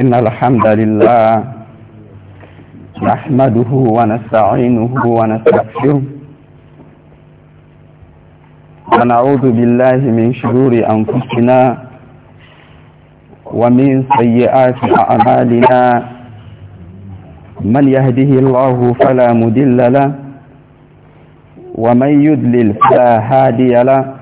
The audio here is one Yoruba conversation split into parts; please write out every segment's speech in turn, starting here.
إن الحمد لله نحمده ونستعينه ونستغفره ونعوذ بالله من شرور أنفسنا ومن سيئات أعمالنا من يهده الله فلا مدل له ومن يدلل فلا هادي له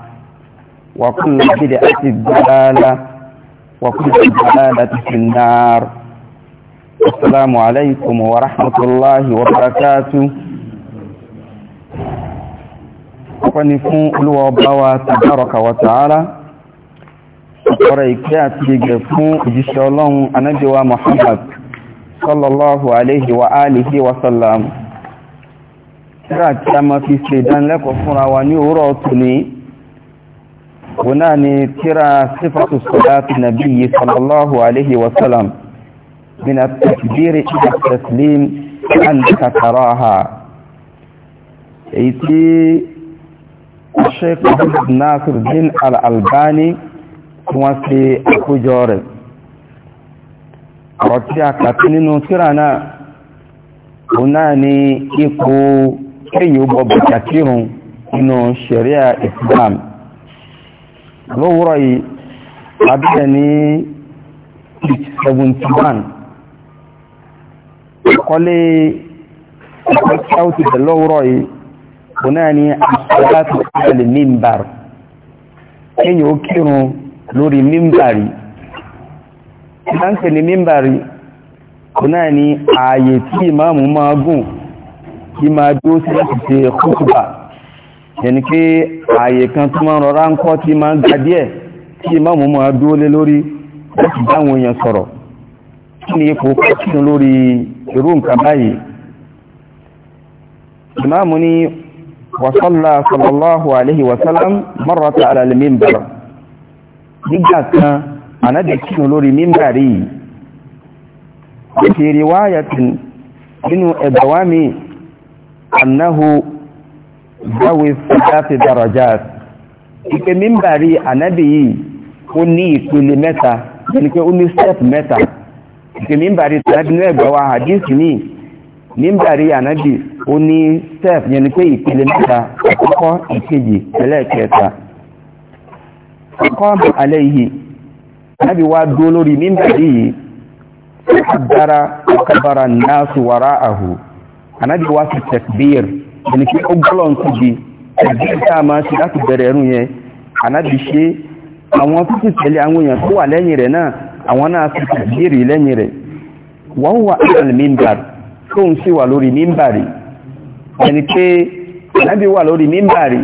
وكل بدعة ضلالة وكل ضلالة في النار السلام عليكم ورحمة الله وبركاته ọpẹ́ni fún olúwa ọba wa tàbárọ̀kà wa tààrà ọ̀rọ̀ ìkẹ́ àti ìgẹ̀ fún òjíṣẹ́ ọlọ́run anábíwa Muhammad sallallahu alaihi wa alihi wa sallam tíra tí a ma fi ṣe ìdánilẹ́kọ̀ọ́ fúnra wa ní òwúrọ̀ tòní òun náà ni tíra sífàtù sọ́láàtì nàbí yìí sallallahu alaihi wasallam min at-takbiri ila taslim annaka taraha èyí tí sheikh nasir bin al-albani tí wọ́n fi àkójọ rẹ̀ ọ̀rọ̀ tí a kàtí ni ipò kéyìn ó bọ̀ sharia islam lówúrọ̀ yìí àbílẹ̀ ní 71 kọlé ẹ̀kọ́ tí a ó ti tẹ̀ lówúrọ̀ yìí kò náà ní àṣàlátù alẹ́ mímbàr kíyàn ó kírun lórí mímbàrí ìdánkẹ̀lẹ̀ mímbàrí kò náà ní ààyè tí ìmáàmù máa gùn kí máa dúó sí láti ṣe kútùbà yẹni pé ààyè kan tó máa rọra ń kọ́ tí máa ń ga díẹ̀ tí ìmáàmù máa dúró lé lórí láti dáwọn èèyàn sọ̀rọ̀ kí ni ipò kọ́tínú lórí irú nǹkan báyìí ìmáàmù ni wàsọ́lá sallallahu alaihi wasallam marrata ala al nígbà kan ànádẹ̀kínú lórí mímbàrí yìí ti riwayatin nínú ẹ̀bẹ̀wá mi annahu gbáwe fúdáfì dàrọ̀já ìpè mímbàrí ànábì yìí ó ní ìpele mẹ́ta yẹni pé ó ní step mẹ́ta ìpè mímbàrí tànábì ní ẹgbẹ́ wa hadisi ní mímbàrí ànábì ó ní step yẹni pé ìpele mẹ́ta àkọ́kọ́ ìkejì ẹlẹ́ẹ̀kẹta kọ́m alẹ́ yìí ànábì wá dúró lórí mímbàrí yìí ó dára ó kábàrà náà sùwárà àhù ànábì wá sí tẹ̀kbíir ẹni pé ó gbọ́lọ̀ ń kúgbe ẹ̀jẹ̀ tá a máa ṣe láti bẹ̀rẹ̀ ẹ̀rùn yẹn ànábì ṣe àwọn tó sì tẹ̀lé àwọn èèyàn tó wà lẹ́yìn rẹ̀ náà àwọn náà fi tàbíèrè lẹ́yìn rẹ̀ wọ́n wà ìrìn mímbà tó ń sì wà lórí mímbà rí ẹni pé ànábì wà lórí mímbà rí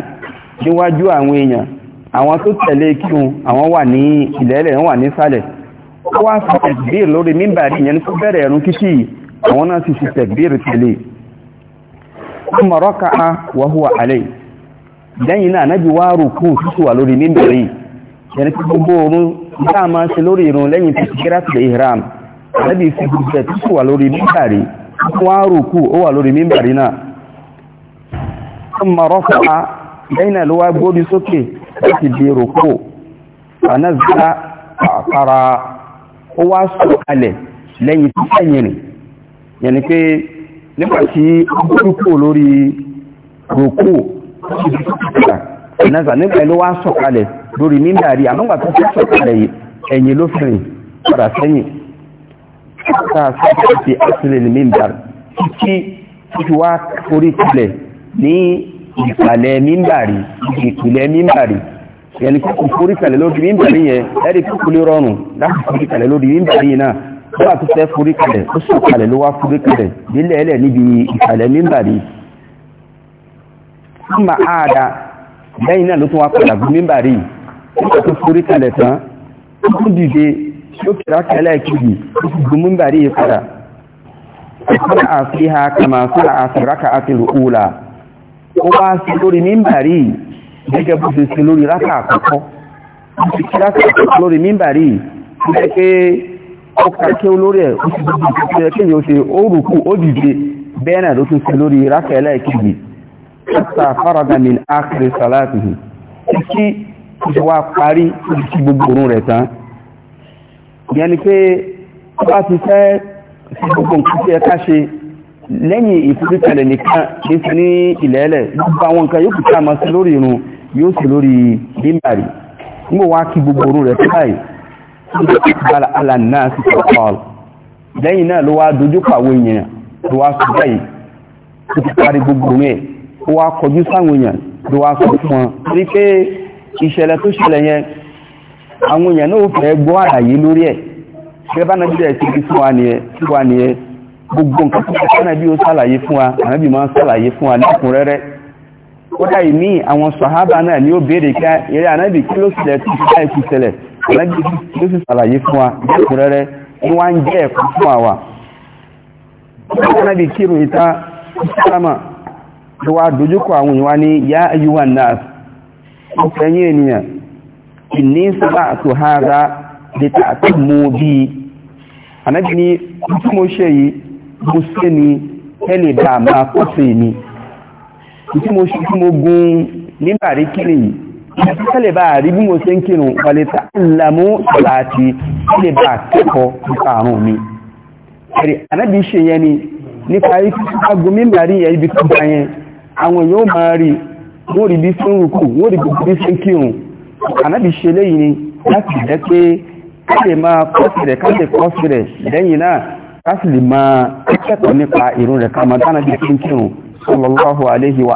níwájú àwọn èèyàn àwọn tó tẹ̀lé kíun àwọn wà ní ìlẹ́lẹ̀ wọ́n wà nísàlẹ̀ ó wá fi tàbíèrè lórí mímbà ìyẹn tó bẹ̀rẹ̀ ẹ̀rùn kíṣì àwọn náà sì fi tàbíèrè tẹ̀lé kuma raka'a wa huwa alai dan ina nabi wa ruku tuwa lórí minbari yana ki gbogbo mu ta ma ṣe lórí ìrun lẹ́yìn tikira ti ihram nabi fi gbogbo tuwa lórí minbari wa ruku ó wà lórí minbari na kuma raka'a dan ina godi soke gbórí sókè láti di ruku anazza fara ó wá sọ̀kalẹ̀ lẹ́yìn tí sẹ́yìn rẹ̀ yẹni nígbàtí gbórúkú lórí rúkú ìnáza nígbà ló wá sọ̀kalẹ̀ lórí mímbàrí àmọ́gbà tó fẹ́ sọ̀kalẹ̀ ẹ̀yìn ló fẹ́rìn padà sẹ́yìn sáàsì àtìlẹ̀ mímbàrí títí títí wá orí kalẹ̀ ní ìpàlẹ̀ mímbàrí ìpìlẹ̀ mímbàrí yẹni kókò forí kalẹ̀ lórí mímbàrí yẹn ẹ̀rí kókò lè rọrùn láti forí kalẹ̀ lórí mímbàrí náà nígbà tó fẹ́ forí kalẹ̀ ó sì kalẹ̀ ló wá forí kalẹ̀ nílẹ̀ ẹlẹ̀ níbi ìsàlẹ̀ mímbàrí ọmọ àádá lẹ́yìn náà ló tún wá padà bí mímbàrí nígbà tó forí kalẹ̀ tán ó tún dìde ó kìrá kẹlẹ̀ kìbì ó sì gbé mímbàrí yìí padà ọ̀pọ̀ àfihà kàmà sọ́ra àfìrákà àti rúkúlà ó wá sí lórí mímbàrí gẹ́gẹ́ bó ṣe sí lórí rákà àkọ́kọ́ ó sì kí rákà lórí mímbàrí ó kàkẹ́ olórí ẹ̀ ó ti dìde tó yẹ kéèyàn ṣe ó rùkú ó dìde bẹ́ẹ̀ náà ló tún ṣe lórí rákẹ́ ẹlẹ́ẹ̀kejì ṣáṣà faragami akiri salatihi títí ìṣòwò parí títí gbogbo òórùn rẹ̀ tán ìyẹn ni pé bá ti fẹ́ ṣe gbogbo nǹkan tí ẹ ká ṣe lẹ́yìn ìfúrítẹ̀lẹ̀ nìkan léṣe ní ilẹ̀ẹ́lẹ̀ gbogbo àwọn nǹkan yóò kùtà máa sí lórí irun yóò sí lórí bímbàrí ń wá kí gbogbo òórùn rẹ̀ tó báyìí على الناس فقال دينا لو دوجو قاوين لو سبي تقاري بغومي wa kọjú sáwọn èèyàn ló wá sọ fún wọn rí pé ìṣẹ̀lẹ̀ tó ṣẹlẹ̀ yẹn àwọn èèyàn náà fẹ́ gbọ́ àlàyé lórí ẹ̀ gẹ́gẹ́ bá náà bíbẹ̀ ti fi fún wa nìyẹn tí wa nìyẹn gbogbo nǹkan tó ṣe ni ó béèrè ká eré ànábì kí àlẹ́bí ló sì sàlàyé fún wa lẹ́kùnrẹ́rẹ́ ní wá ń jẹ́ ẹ̀kọ́ fún àwà ànábì kírù ìta sálámà ló wá dojúkọ àwọn ìwá ní yá ayúwà náà ó fẹ́yìn ènìyàn ìní sábà tó ni kálẹ̀ bá rí bí mo ṣe ń kírun wàlẹ́ta lámú sọ̀lá àti kálẹ̀ bá kẹ́kọ̀ọ́ nípa àrùn mi ẹ̀rì anábì ṣe yẹn ni nípa agun mímọ̀ rí ẹ̀ ibi kọjá yẹn àwọn yóò máa rí wọ́n rí bí fún rúkú wọ́n rí bí ṣe ń kírun anábì ṣe lẹ́yìn ni láti jẹ́ pé kálẹ̀ máa kọ́sì rẹ̀ kálẹ̀ kọ́sì sallallahu alaihi wa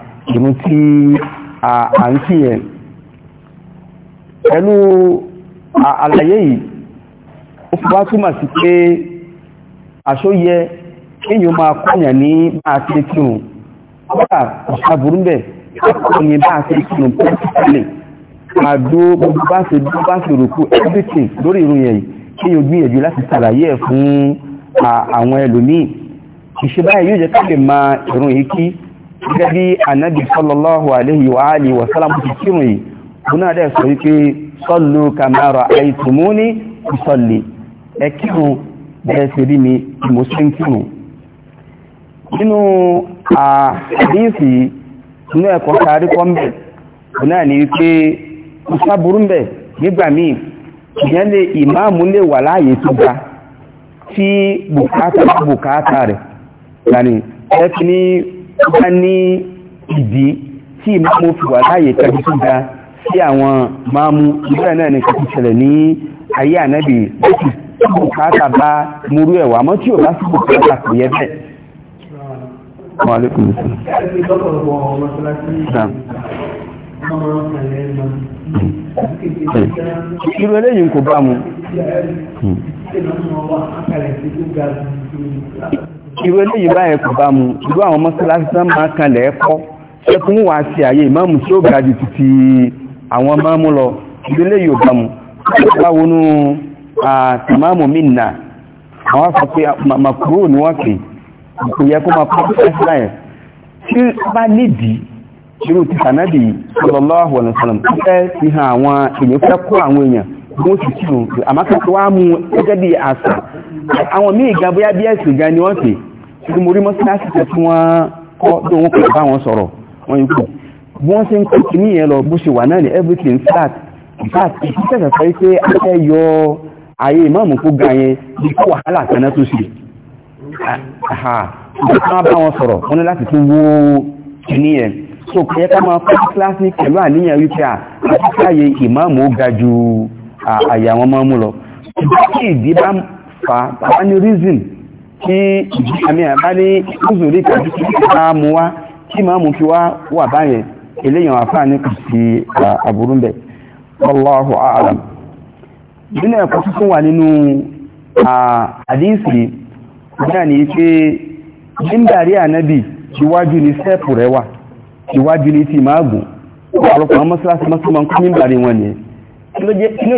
ìrun tí à ń kí yẹn pẹ̀lú àlàyé yìí ó fi wá túmọ̀ sí pé àṣóyẹ kíyàn máa kọ́yàn ní a ti kírun kọ́lá ọ̀ṣàbùrú bẹ̀ kọ́kọ́ ní bá ti kírun pẹ́sìtìlẹ̀ àdó gbogbo bá ṣe dúró bá ṣe rùkú everything lórí ìrun yẹn kíyàn gbìyànjú láti ṣàlàyé ẹ̀ fún àwọn ẹlòmíì ìṣe yóò jẹ́ ká lè máa ìrun yìí kí gẹ́gẹ́ bí ànábì sallallahu alayhi wa alihi wa sallam ti kírun yìí buna dẹ̀ sọ wípé sallu kama ra'aytumuni usalli ẹ kírun bẹ́ẹ̀ sì rí mi mo ṣe ń kírun nínú àdínsì inú ẹ̀kọ́ sáré kọ́ mbẹ̀ buna ni bá ní ìdí tí ìmáàmù fi wà láàyè tàbí tó ga sí àwọn máàmù ìgbà náà ní kàtí ṣẹlẹ̀ ní ayé ànábì lókì tí bùkátà bá múrú ẹ̀wà mọ́ tí ò bá sí bùkátà kò yẹ bẹ́ẹ̀ Wa alaikum salam. Irú eléyìn kò bá mu. Hmm irú eléyìí báyẹn kò bá mu irú àwọn mọ́sálásí tán máa kanlẹ̀ kọ́ ṣẹ́kún wà sí àyè ìmáàmù tí ó ga jù títí àwọn máàmù lọ irú eléyìí ò bá mu báwo nú àtìmáàmù mìnà àwọn afọ pé màkúrò ní wọ́n pè kò yẹ kó máa pọ́ sí láyẹ̀ tí bá nídìí irú ti sànádì sallallahu alaihi wasallam fẹ́ fi hàn àwọn èèyàn fẹ́ kó àwọn èèyàn wọ́n sì kírun àmákàtà wá mú gẹ́gẹ́ bí àṣà àwọn míì gan bóyá bí ẹ̀sìn gan ni wọ́n pè tí mo rí mọ́síláṣì tó tí wọ́n kọ́ tó wọ́n pè bá wọn sọ̀rọ̀ wọ́n yìí kù bí wọ́n ṣe ń kọ́ kí nìyẹn lọ bó ṣe wà náà ni everything flat flat ìfẹ́sẹ̀ sọ pé a fẹ́ yọ ayé ìmáàmù kó ga yẹn bí kó wàhálà kan náà tó ṣe ìgbà bá wọn sọ̀rọ̀ wọn ní láti tún wó kìníyẹn so kẹ́yẹ́ ká máa fún kíláàsì pẹ̀lú àníyàn wípé àti káyé ìmáàmù ó ga ju àyà fa bàbá ní reason kí àmì àbálé ìzòrí tàbí kí máa mú wá kí máa mú fi wá wà báyẹn eléyàn àfáàní kò sí àbúrú a'lam nínú ẹ̀kọ́ tuntun wà nínú àdínsì náà ni pé nígbàrí ànábì iwájú sẹ́ẹ̀pù rẹ̀ wà ti máa gùn ọ̀pọ̀lọpọ̀ mọ́sálásí mọ́sálásí mọ́ nígbàrí wọn ni kí ló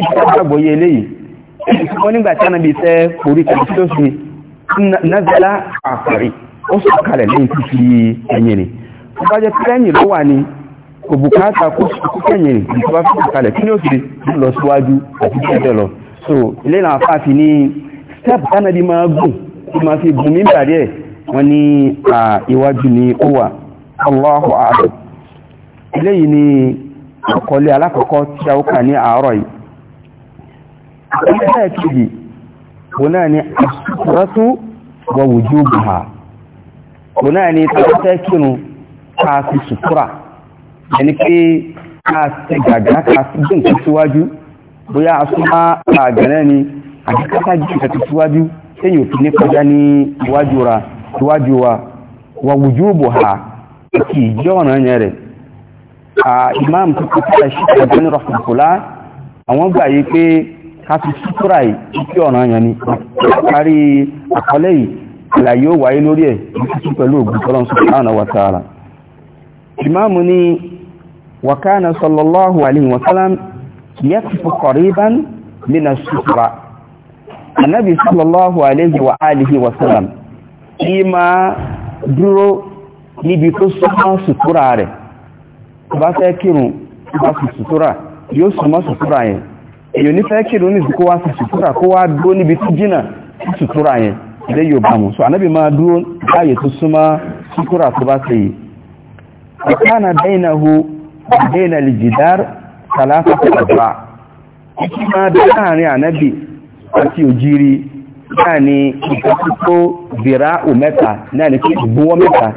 wọ́n nígbà tí anábi iṣẹ́ orí tàbí tó ṣe nazala àkàrí ó sọ kalẹ̀ lẹ́yìn tó fi ẹ̀yìn rẹ̀ tó bá jẹ́ pẹ́yìn kó kẹ́yìn rẹ̀ tó bá fi kalẹ̀ tí ó fi lọ síwájú àti tẹ́jẹ́ lọ so ilé ìlànà fàáfi ní step tánàbí máa gùn tí máa fi gùn mímbà rẹ̀ wọ́n ní iwájú ní ó wà Allahu a'lam ẹgbẹ́ kejì kò náà ni àṣírọ́tún wọ wùjú bùhá kò náà ni tàbátẹ́ kírun káà sí sùtúrà ẹni pé káà sí gàgá káà sí gbé nǹkan síwájú bóyá asúnmá àgẹ̀rẹ́ ni àti káà gbé nǹkan síwájú tẹ́yìn òfin ní kọjá ní iwájú ra iwájú wa wọ wùjú bùhá kì í jẹ́ ọ̀nà yẹn rẹ̀ imam tó kọjá ṣíkà gani rọ̀fùnkùlá àwọn gbà pé ká fi sútúrà ìkí ọ̀ràn yẹn ni kárí àkọlé yìí àlàyé ó wáyé lórí ẹ̀ títí pẹ̀lú ògùn tọ́lọ́n subhanahu wa ta'ala ìmáàmù ni wa kana sallallahu alayhi wa sallam yakfu qariban min as-sutra anabi sallallahu alayhi wa alihi wa sallam ima dúró níbi tó súnmọ́ sutura rẹ̀ bá fẹ́ kírun bá sì sutura yóò súnmọ́ sutura yẹn èyàn nífẹ́ kìrò ní ìsìnkó wá sí sùtúrà kó wá dúró níbi tí jìnà sùtúrà yẹn ilé yóò bá mú so anábì máa dúró láàyè tó súnmọ́ sùtúrà tó bá ṣe yìí ọ̀kánà dẹ́yìnà hu dẹ́yìnà lè jìdár sàlásà pẹ̀lá ìkí zira mẹ́ta ni kí ìgbówọ́ mẹ́ta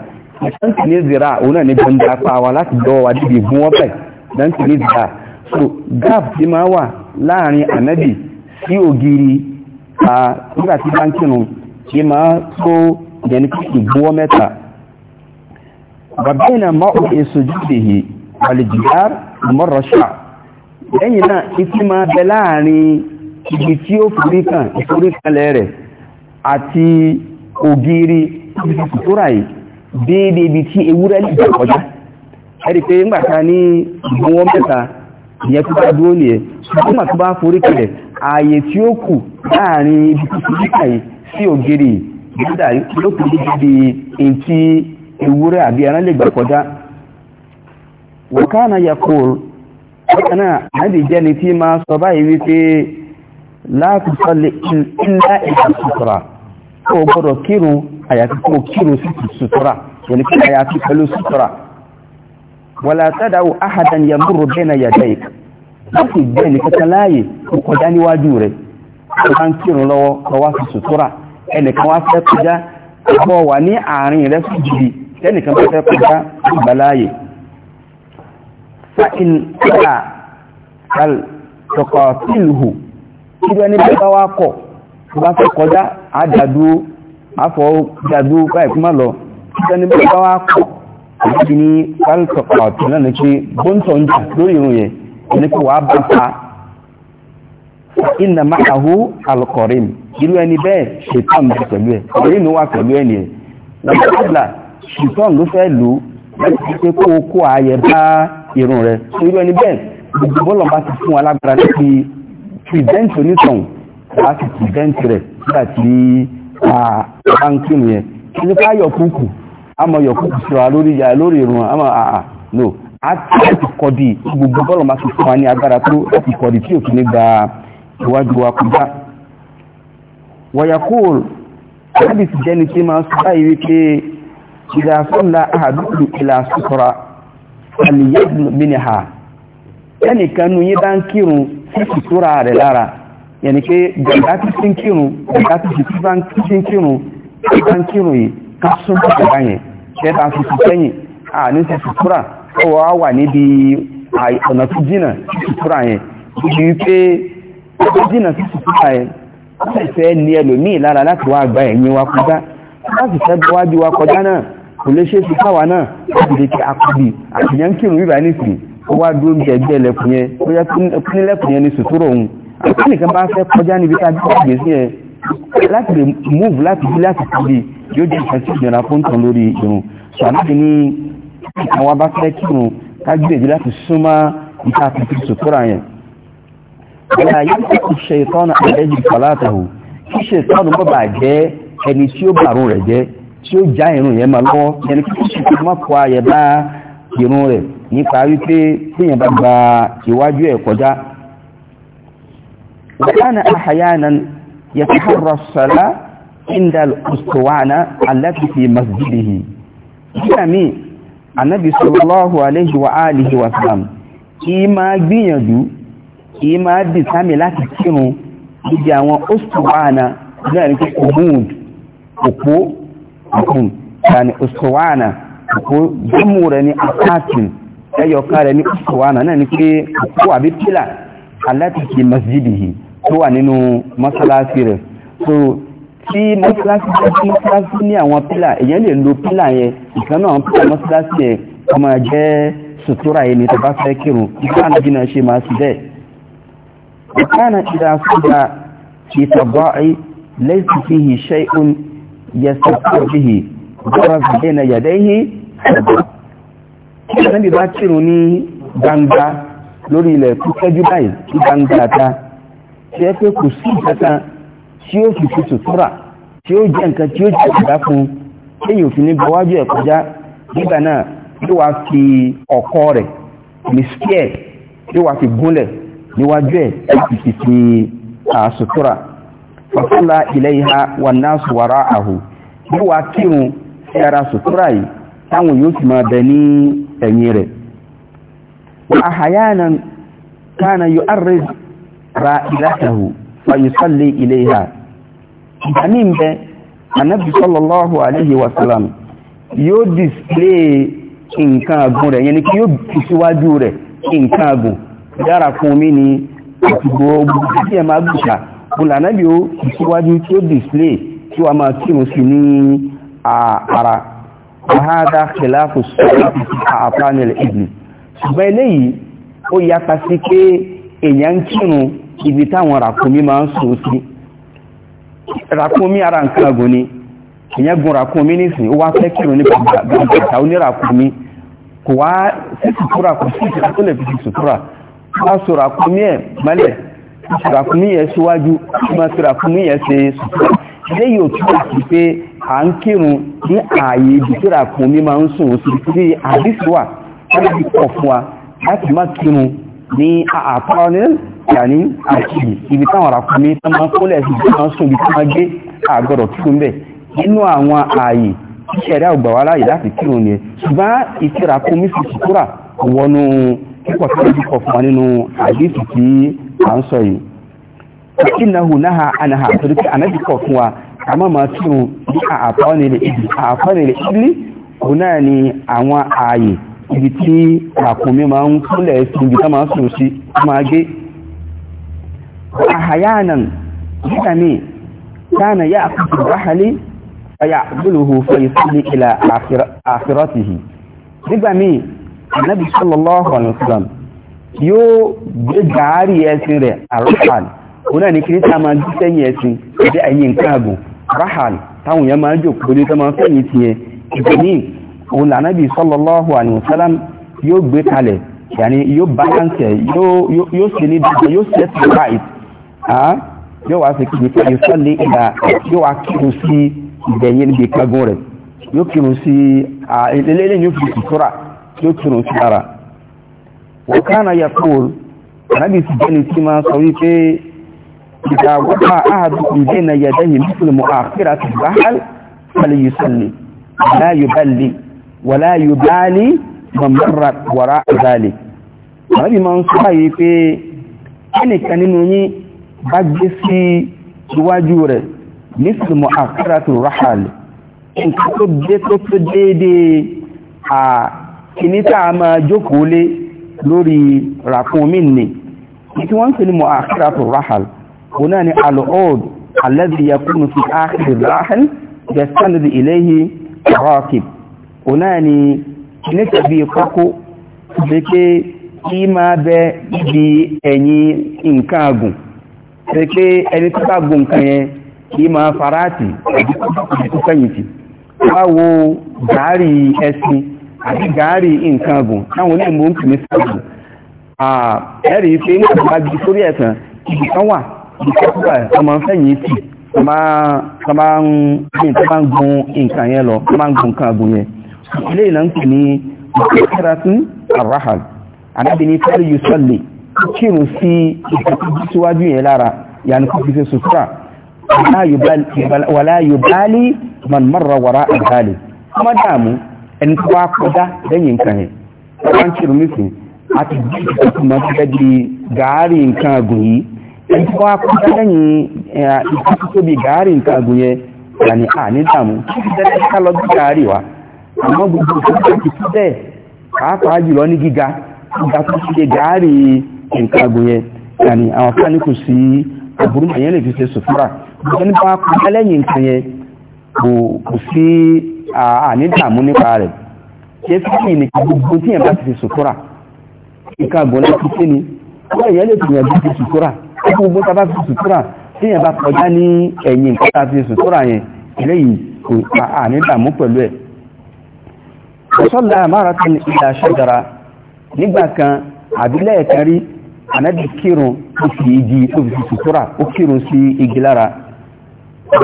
ìsáǹtì ní zira ni gbọ́njà apá wa láti dọ́wọ́ wa dídì ìgbówọ́ bẹ̀ so gap ti máa wà láàrin ànábì sí ògiri nígbàtí bá ń kírun kí máa tó yẹni kí ìgbówọ́ mẹ́ta bàbáyìnà mọ́ọ̀ èso jùdìhì wàlìjìdá mọ́rọ̀ṣà lẹ́yìn náà ikú máa bẹ láàrin ibi tí ó forí kan ìforí kanlẹ̀ rẹ̀ àti ògiri ìfòsòtòrà yìí déédéé ibi tí ewúrẹ́ lè kọjá ẹ̀rí pé ńgbàta ní ìgbówọ́ mẹ́ta ìyẹn tó bá dúró nìyẹn ṣùgbọ́n tó bá forí kalẹ̀ ààyè tí ó kù láàrin ibi tó fi kàyè sí ògiri nígbà lókùn dídí ìntí ewúrẹ́ àbí ẹran lè gbà kọjá wọ̀kánà yakul wọ́kánà àbí jẹ́ni tí máa sọ báyìí wípé láti sọlẹ̀ ilá ìgbà sutura ó gbọ́dọ̀ kírun àyàfi wala tadau ahadan yamurru baina yadayk láti gbé ẹnìkankan láàyè kọjá níwájú rẹ̀ tó bá ń kírun lọ́wọ́ lọ́wọ́ fi sùtúrà ẹnìkan wá fẹ́ kọjá ọgbọ́ wà ní àárín rẹ̀ fún jìdì tẹ́nìkan bá fẹ́ kọjá ìgbà láàyè fa'in ala al tọkọ̀tílhù kí wọ́n ní bẹ́ẹ̀ bá wá kọ̀ tó bá fẹ́ kọjá àdàdúró àfọ̀ dàdúró báyìí kúmọ̀ lọ kí wọ́n ìwádìí ní pálítọ̀pọ̀ náà ní pé bóńtọ̀ ń jà lórí irun yẹn ní pé wàá bá pa iná máàhú alukọ̀rin irú ẹni bẹ́ẹ̀ ṣètọ́n bẹ pẹ̀lú ẹ̀ ọ̀rẹ́ mi wà pẹ̀lú ẹni ẹ̀ lọ́sọ̀dà ṣètọ́n ló fẹ́ lò láti fi pé kó kó ààyè bá irun rẹ̀ tó irú ẹni bẹ́ẹ̀ gbogbo bọ́lọ̀ ti fún alágbára láti prevent onítàn láti prevent rẹ̀ nígbà tí a bá ń kírun yẹn kí àmọ́ yọ̀kú ìṣọ́ra lórí ìyá lórí ìrùn àmọ́ àà no a ti kọ̀dì gbogbo bọ́ọ̀lù máa ti fún wa ní agbára tó láti kọ̀dì tí òfin gba ìwájú wa kọjá wọ̀yàkóòl àbísì jẹ́ni tí máa sọ báyìí wípé ìdásọ́lá àdúgbò ìlà sọ́kọ̀ra àlìyàbù mìnìhà ẹnìkan nu yín bá ń kírun sí ìtura ń kírun yìí ká súnmọ́ ìgbà ṣẹ́ta ń fi kẹ́yìn à ní ti sùtúrà ọwọ́ á wà níbi ọ̀nà tó jìnà sí sùtúrà yẹn ibi wípé ó jìnà sí sùtúrà yẹn ó sì fẹ́ ní ẹlòmíì lára láti wá gba ẹ̀yìn wa kọjá láti fẹ́ wájú wa kọjá náà kò lè ṣe fífáwà náà láti lè kí akọbì àtìyàn kírun wíwà nísìn ó wá dúró bí ẹgbẹ́ ẹlẹ́kùn yẹn ó yẹ kúnilẹ́kùn yẹn ní sùtúrà òun àti nìkan bá fẹ́ kọjá níbi tá gbé sí yẹn láti lè múùbù láti bí láti kọbì yóò jẹ́ ìfẹ́ sí ìjọra fún tàn lórí irun ṣàlùkì ní àwọn bá fẹ́ kírun ká gbèdé láti súnmọ́ ìta àtúntò sòkúra yẹn ọ̀la yóò fẹ́ kí ṣe ìtọ́nà àlẹ́jì kọ̀látàhù kí ṣe ìtọ́nà mọ́ bà jẹ́ ẹni tí ó bàrún rẹ̀ jẹ́ tí ó já irun yẹn máa lọ́wọ́ yẹn kí ṣe ìtọ́nà mọ́ kọ́ ayẹ bá irun rẹ̀ nípa wípé téèyàn bá gba ìwájú ẹ̀ kọjá wọ́n yánà àhàyánà yẹ inda al-ustuwana allati fi masjidihi nígbà míì ànábì sallallahu alayhi wa alihi wa sallam kí máa gbìyànjú kí máa dìtámì láti kírun níbi àwọn ustuwana náà ní kí omud òpó òkun yàní ustuwana òpó jẹ́mù rẹ̀ ní akáàkìn ẹyọ̀ká rẹ̀ ní ustuwana náà ní pé òpó àbí pílà allati fi masjidihi tó wà nínú mọ́sálásí rẹ̀ so tí mọ́síláṣí jẹ́ tí mọ́síláṣí ní àwọn pílà èyàn lè lo pílà yẹn ìkan náà pílà mọ́síláṣí yẹn ọmọ jẹ́ sutura yẹn ni tó bá fẹ́ kírun ìkan náà jìnnà ṣe máa sì bẹ́ẹ̀. ìkànnà ìdá sódà ti fi hì ṣe ń yẹ sọ́kọ̀ fi hì gbọ́dọ̀ fi dé na yàdá ihe ẹ̀bọ̀. ìkànnà bí bá kírun ní gbangba lórí ilẹ̀ kúkẹ́jú báyìí ní gbangba ta ṣe é pé kò sí ìkàtà tí ó fi fi sùtúrà tí ó jẹ́ nǹkan tí ó jẹ́ ìdá fún lẹ́yìn òfin ní bọ́wájú ẹ̀ kọjá nígbà náà yóò wá fi ọ̀kọ́ rẹ̀ ní spear yóò wá fi gúnlẹ̀ níwájú ẹ̀ láti fi fi sùtúrà fàkúlà ilẹ̀ ìhà wà náà sùwárà àhù yóò wá kírun sí ara sùtúrà yìí táwọn yóò sì máa bẹ ní ẹ̀yìn rẹ̀ وأحيانا كان يؤرز رائلته فيصلي إليها ìgbàní ìbẹ anábì sallallahu alayhi wa sallam yóò display nǹkan àgùn rẹ̀ yẹn ni kí yóò fi síwájú rẹ̀ nǹkan àgùn yára fún mi ni àtìgbò ogun tí ẹ máa gbùṣà bùn lànàbì ó síwájú tí ó display tí wàá máa kírun sí ní ara wàhádá kìláàfù sọ́rọ̀ àpánil ìdìlì ṣùgbọ́n eléyìí ó yàtà sí pé èèyàn kírun ibi táwọn ràkúnmí máa ń sùn sí Rakumi ara nǹkan ọgùn ni ìyẹn gun ràkúnmí nísìn ó wá fẹ́ kírun ní bàbá oníràkúnmí kò wá sí sùtúrà kò sí ìtura tó lè fi sùtúrà wá so ràkúnmí ẹ̀ mọ́lẹ̀ ràkúnmí yẹn síwájú máa fi ràkúnmí yẹn ṣe sùtúrà léyìí ò túnbọ̀ sí pé à ń kírun ní ààyè ibi tí ràkúnmí máa ń sùn sí sí àdísùwà láti pọ̀ fún wa láti má kírun ní àpárọ̀ yàní àkìlì ibi táwọn àràkúnmí tán máa kólẹ̀ sí ibi táwọn sùn ibi tí wọ́n gbé àgọ́dọ̀ kí ń bẹ̀ nínú àwọn ààyè ìṣẹ̀dá ògbà wá láyè láti kí òun yẹn ṣùgbọ́n ìtìràkúnmí sì sùkúrà wọnú kíkọ̀ tó ti kọ̀ fún wa nínú àdéhùn tí à ń sọ yìí ìnáhù náà ànàhà torí pé ànábì kọ̀ fún wa àmọ́ máa kírun ní àfọ́nilẹ̀ ìdí àfọ́nilẹ̀ ìdí òun náà ni àwọn ààyè ibi tí ràkúnmí máa ń kúnlẹ̀ sí ibi tá máa ń sùn sí máa gé وأحيانا يعني كان يأخذ الرحل فيعبله فيصلي إلى آخر آخرته نبامي النبي صلى الله عليه وسلم yóò gbé gàárì ẹ̀sìn rẹ̀ àrùfàn ó náà ní kí ní ta máa jí sẹ́yìn ẹ̀sìn ìdí ẹ̀yìn nǹkan àgùn rahal táwọn èèyàn máa jò kó ní tó máa fẹ́yìn ti ẹ ìgbẹ̀ní òun lànàbì sallallahu yóò gbé kalẹ̀ yàní yóò balance yóò sí ní yóò wá sí kìí fẹ́ yóò sọ́lé ìgbà yóò wá kírun sí ìgbẹ̀yìn níbi kagun rẹ̀ yóò kírun sí ilé-ilé yóò fi kìtura yóò kírun sí ara wọ́n kánà yà kúr anábì sì jẹ́ni tí máa sọ wípé ìgbà wọ́pá ahàdù ìdè na yà dẹ́yìn mùsùlùmù àkírà ti báhàl fẹ́lẹ̀ yóò sọ́lé wàlá yóò bẹ́lẹ̀ wàlá yóò bá gbé sí iwájú rẹ̀ nísìmọ̀ àkàràtù ráhàlì nǹkan tó dé tó tó déédéé à kìíní tá a máa jókòó lé lórí ràkúnmí ni tí wọ́n ń pè ní mọ̀ àkàràtù ráhàlì òun náà ni alọ́ọ̀d alẹ́bí yakúnù fi áàkìrì ráhàlì yẹ̀sánàdì ìlẹ́yìn ṣe pé ẹni tó bá gùn kan yẹn kì í máa faraàtì àbí tó fẹ̀yìntì wá wo gàárì ẹṣin àbí gàárì nǹkan gùn táwọn onímọ̀ ń pè ní sáàgùn ẹ̀rí pé ní àgbà gbé sórí ẹ̀sán ibi kan wà ibi kan wà ọmọ fẹ̀yìntì tó máa ń kírun sí ìfẹ́kọ́jú síwájú yẹn lára yàní kó fi ṣe sùtúrà wàlá yóbálí mọ̀nmọ́rọ̀ wàrá àgbálì ọmọ dààmú ẹni tó wá kọjá lẹ́yìn nǹkan yẹn wọ́n kírun nísìn àti bí ìfẹ́kọ́mọ́ ti gẹ́gẹ́ bí gàárì nǹkan àgùn yìí ẹni tó wá kọjá lẹ́yìn ìfẹ́kọ́ tó bí gàárì wa àmọ́ gbogbo ìfẹ́kọ́ ti fi bẹ́ẹ̀ pàápàá jùlọ ní gíga gíga gàárì nǹkan àgbò yẹn yàní àwọn fúlàní kò sí àbúrú yẹn lè fi ṣe sòfúrà ìjọba nípa kọjá lẹ́yìn nǹkan yẹn kò sí ànídààmú nípa rẹ̀ ṣé fúlàní nìkan gbogbo tí yẹn bá ti ṣe sòfúrà nǹkan àgbò láti ṣe ni wọ́n yẹn lè tìyàn bí ti sòfúrà gbogbo tá a bá fi sòfúrà tí yẹn bá kọjá ní ẹ̀yìn nǹkan tá a fi sòfúrà yẹn eléyìí kò ànídààmú pẹ̀lú ẹ̀ wọ́n sọ́lá àmáratan ìlà ṣàjára nígbà kan àbílẹ̀ ẹ̀kan rí anabi kírun ó fi igi ó fi sutura ó kírun sí igi lára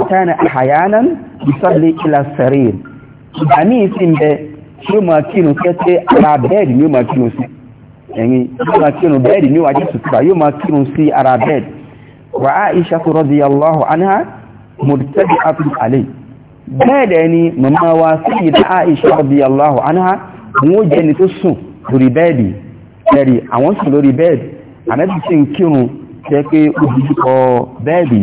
ọ̀tánà àhàyánán ìsọ́lẹ̀ ilẹ̀ sẹ̀rẹ̀ ìdáni ìsìn bẹ tí ó máa kírun kẹ́sẹ́ ara bẹ́ẹ̀dì ni ó máa kírun sí ẹ̀yìn yóò máa kírun bẹ́ẹ̀dì ní wájú sutura yóò máa kírun sí ara bẹ́ẹ̀dì wà á Aisha radiyallahu anha mọ̀tẹ́bí àti àlẹ́ bẹ́ẹ̀dẹ̀ ni màmá wa sayyida Aisha radiyallahu anha wọ́n jẹ́ni tó sùn lórí bẹ́ẹ̀dì ẹ̀rì àwọn sùn lórí bẹ́ẹ̀dì ànábì sì ń kírun jẹ́ kọ bẹ́ẹ̀dì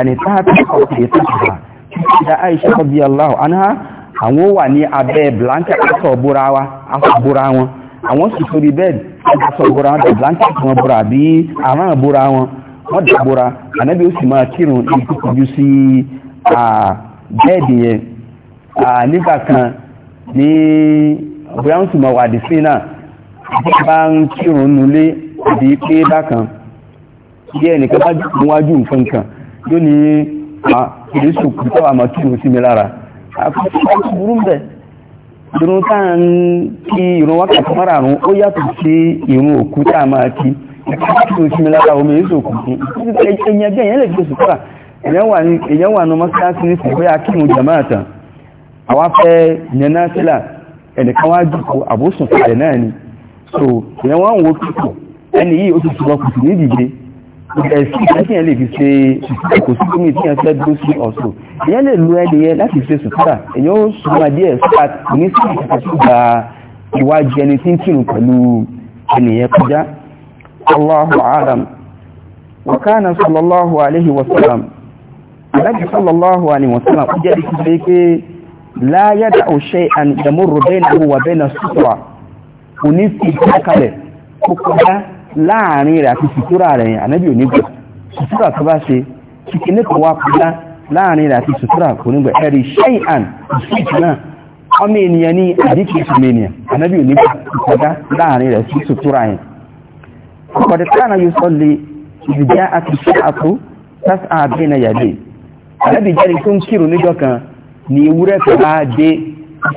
ẹni táàtì ọ̀pẹ̀ ìtàkùnà títí da Aisha radiyallahu anha àwọn wà ní abẹ́ blanket aṣọ búra wa aṣọ búra wọn àwọn sì sórí bẹ́ẹ̀dì aṣọ búra wọn da blanket wọn búra bí àrán búra wọn wọ́n dà búra ànábì ó sì máa kan àbí pé bákan bí ẹnìkan bá níwájú nǹkan kan yóò ní àkìlẹ́sù kùtọ́ àmàtúrò sí mi lára àkókò burú bẹ̀ ìrun táà ń kí ìrun wákàtí márààrún ó yàtọ̀ sí ìrun òkú táà máa kí àkókò sí mi lára omi èso kù sí ẹ̀yìn ẹgbẹ́ ìyẹn lè gbèsè kọ́ra èyàn wà ní mọ́sálásí ní sọ pé akíhun jàmáà tán àwa fẹ́ ìyẹn náà sílà ẹnìkan wá jùkọ àbósùn kalẹ̀ náà ni so ìyẹn wọ́n ń wo ẹni yìí ó ti ṣùgbọ́n kùtù ní ìdìde ẹ̀sìn ìfẹ́sìyàn lè fi ṣe kò sí omi tí yẹn fẹ́ dúró sí ọ̀sọ̀ èyàn lè lo ẹni yẹn láti ṣe sùtúrà èyàn ó súnmọ́ díẹ̀ síta ní sí ìfẹ́sìgbà ìwájú ẹni tí ń kírun pẹ̀lú ènìyàn kọjá Allahu alam wa kana sallallahu alaihi wasallam alábi sallallahu alaihi wasallam ó jẹ́ ìfẹ́ pé la yada'u shay'an yamurru bainahu wa baina sutra kò ní sí ìfẹ́ kalẹ̀ kó kọjá láàrin rẹ̀ àti sùtúrà rẹ̀ ànábì onígbà sùtúrà tó bá ṣe kíkẹ́ lẹ́kọ̀ọ́ wá kọjá láàrin rẹ̀ àti sùtúrà onígbà ẹ̀rí ṣẹ́yàn ìṣẹ́jì náà ọmọ ènìyàn ní àdíkì ìṣẹ́mẹ̀nìyàn ànábì onígbà kọjá láàrin rẹ̀ sí sùtúrà yẹn ọ̀pọ̀dẹ̀kánà yóò sọ lè ìdíjá àti ṣáàtú tásà bẹ́ẹ̀nà yàdé ànábì jẹ́rìí tó ń kírun níjọ́ kan ní ewúrẹ́ kan á dé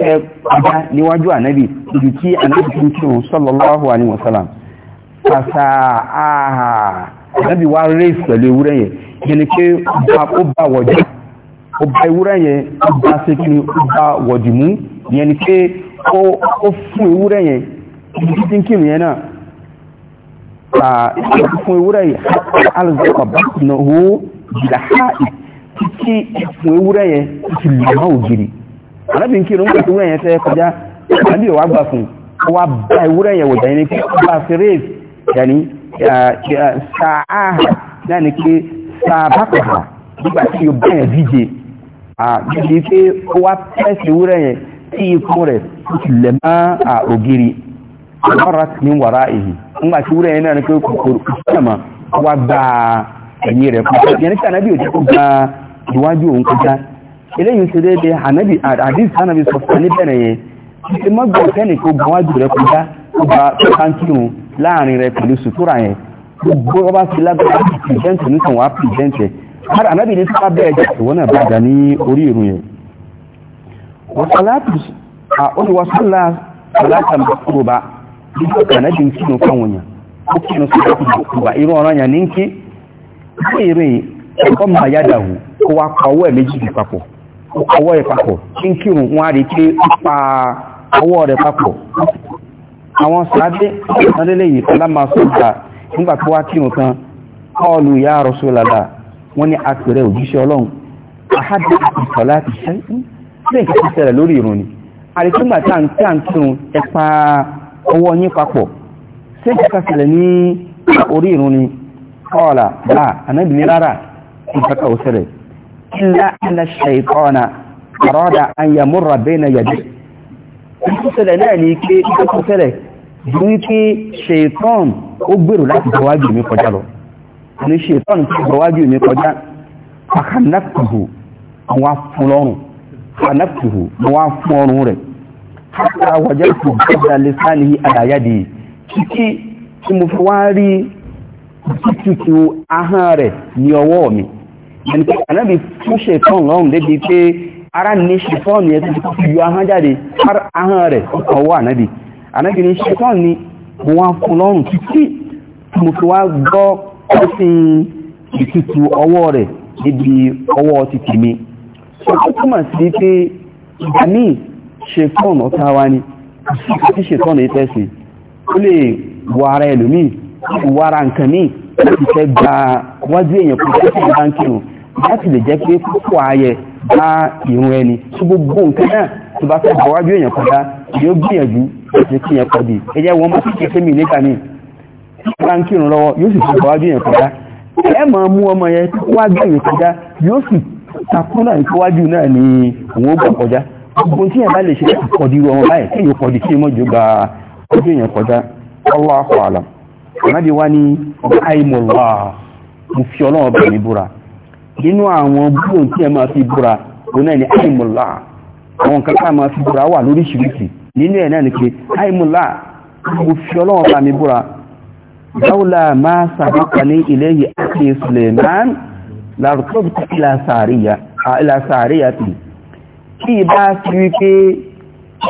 ẹ kọjá níwájú ànábì ibi tí ànábì tó ń kírun sallallahu fàṣà àhà ànábì wá race pẹ̀lú ewúrẹ́ yẹn yẹni pé ó bá wọ̀dì ó bá ewúrẹ́ yẹn ó bá sékiri ó bá wọ̀dì mú yẹni pé ó fún ewúrẹ́ yẹn ibi tí ń kírun yẹn náà fún ewúrẹ́ yẹn alùpùpù bá tìǹà ó jìlá háì títí fún ewúrẹ́ yẹn ó ti lè má ògiri ànábì ń kírun ó ń pẹ̀lú ewúrẹ́ yẹn fẹ́ kọjá ànábì ò wá gbà fún ó wá bá ewúrẹ́ yẹn wọ̀dà yẹn ni pé ó bá fi race yàní sàáhà náà ni pé sàbákọ̀hà nígbà tí yóò bẹ̀rẹ̀ díje àbíbi pé ó wá pẹ́sì wúrẹ́ yẹn tí ikú rẹ̀ ó ti lẹ̀ mọ́ ògiri ọ̀rọ̀ ní wàrà èyí nígbà tí wúrẹ́ yẹn náà ni pé kòkòrò ìṣẹ́mọ̀ wá gba ẹ̀yìn rẹ̀ kọjá yẹn nípa ànábì òjò kó gba ìwájú òun kọjá eléyìí ṣe déédéé ànábì àdìs ànábì sọ fún ẹni bẹ̀rẹ̀ yẹn ṣe mọ́gbọ̀n fẹ́ni láàrin rẹ̀ pẹ̀lú sùtúrà yẹn gbogbo ọba sí lágbára pìrìsẹ́ǹtì nìkan wà pìrìsẹ́ǹtì ẹ̀ ànábì ní sábà bẹ́ẹ̀ jà ìwọ náà bá jà ní orí ìrun yẹn wàsálàtù àolùwàsálà aláàtàn kúròbá nígbà kànábì ń kínú fáwọn yàn ó kínú sọ́dọ̀ kúròbá irun ọ̀rọ̀ yàn ní kí ní ìrìn ẹ̀kọ́ máa yádà wù kó wá pa ọwọ́ papọ̀ ọwọ́ ẹ̀ papọ̀ kí ń kírun wọn á rí pé ó pa ọwọ́ rẹ̀ papọ̀ àwọn sàádé ọdẹ́lẹ̀ yìí tọ́lá máa sọ́gbà nígbà tó wá kírun tán kọlu ya Rasulullah wọ́n ní àpẹẹrẹ òjíṣẹ́ ọlọ́run àhádé ìtọ́lá ti ṣẹ́ ṣe nǹkan ti ṣẹlẹ̀ lórí ìrun ni àrètúmọ̀ tá à ń ni kọ́ọ̀là bá wípé ṣètọ́n ó gbèrò láti gbọ́wájú mi kọjá lọ ní ṣètọ́n tí gbọ́wájú mi kọjá àkànnápùhù àwọn afúnlọ́rùn àkànnápùhù àwọn afúnlọ́rùn rẹ̀ hátà wàjẹ́ kò gbọ́dá lè sáàlì àdáyàdì títí tí mo fi wá rí títútù ahọ́n rẹ̀ ní ọwọ́ mi ẹni pé ànábì fún ṣètọ́n lọ́rùn débi pé ara ànábì ní ni mo wá fún lọ́rùn títí mo fi wá gbọ́ kọ́sìn ìtutù ọwọ́ rẹ̀ níbi ọwọ́ ti tèmi ṣe tó sí pé ìgbà míì ọ̀tá wa ni tí ṣetán lè fẹ́sìn ó lè wọ ara ẹlòmíì wọ ara nǹkan míì láti fẹ́ gba wájú èèyàn kò tó fẹ́ bá ń kírun láti lè jẹ́ pé púpọ̀ ayẹ bá ìrun ẹni tó gbogbo nǹkan náà tó bá fẹ́ bọ̀ wájú èèyàn kọjá yóò gbìyànjú láti kí yẹn pọ̀ dì ẹjẹ́ wọn máa kíkẹ́ sẹ́mi nígbà míì bá ń kírun lọ́wọ́ yóò sì fọwọ́ gbìyànjú kọjá ẹ máa mú ọmọ yẹn wá gbìyànjú kọjá yóò sì takún náà níwájú náà ni òun ó gbà kọjá gbogbo tí yẹn bá lè ṣe kọ̀dí ọmọ báyìí kí yóò kọ̀dí kí mọ́jú gba ojú yẹn kọjá Allahu a'lam ọ̀nàdí wá ní àìmọ̀lá mo fi ọlọ́wọ́ bá mi búra nínú àwọn gbóhùn tí ẹ máa fi kankan máa fi búra wà lóríṣiríṣi nínú ẹ̀ náà ni pé àìmúlá mo fi ọlọ́wọ́ bá mi búra dáúlà máa sàbápa ní ilé yìí àti Suleiman lárúkọ́bùtù ìlàsàríyà tí kí bá sí wípé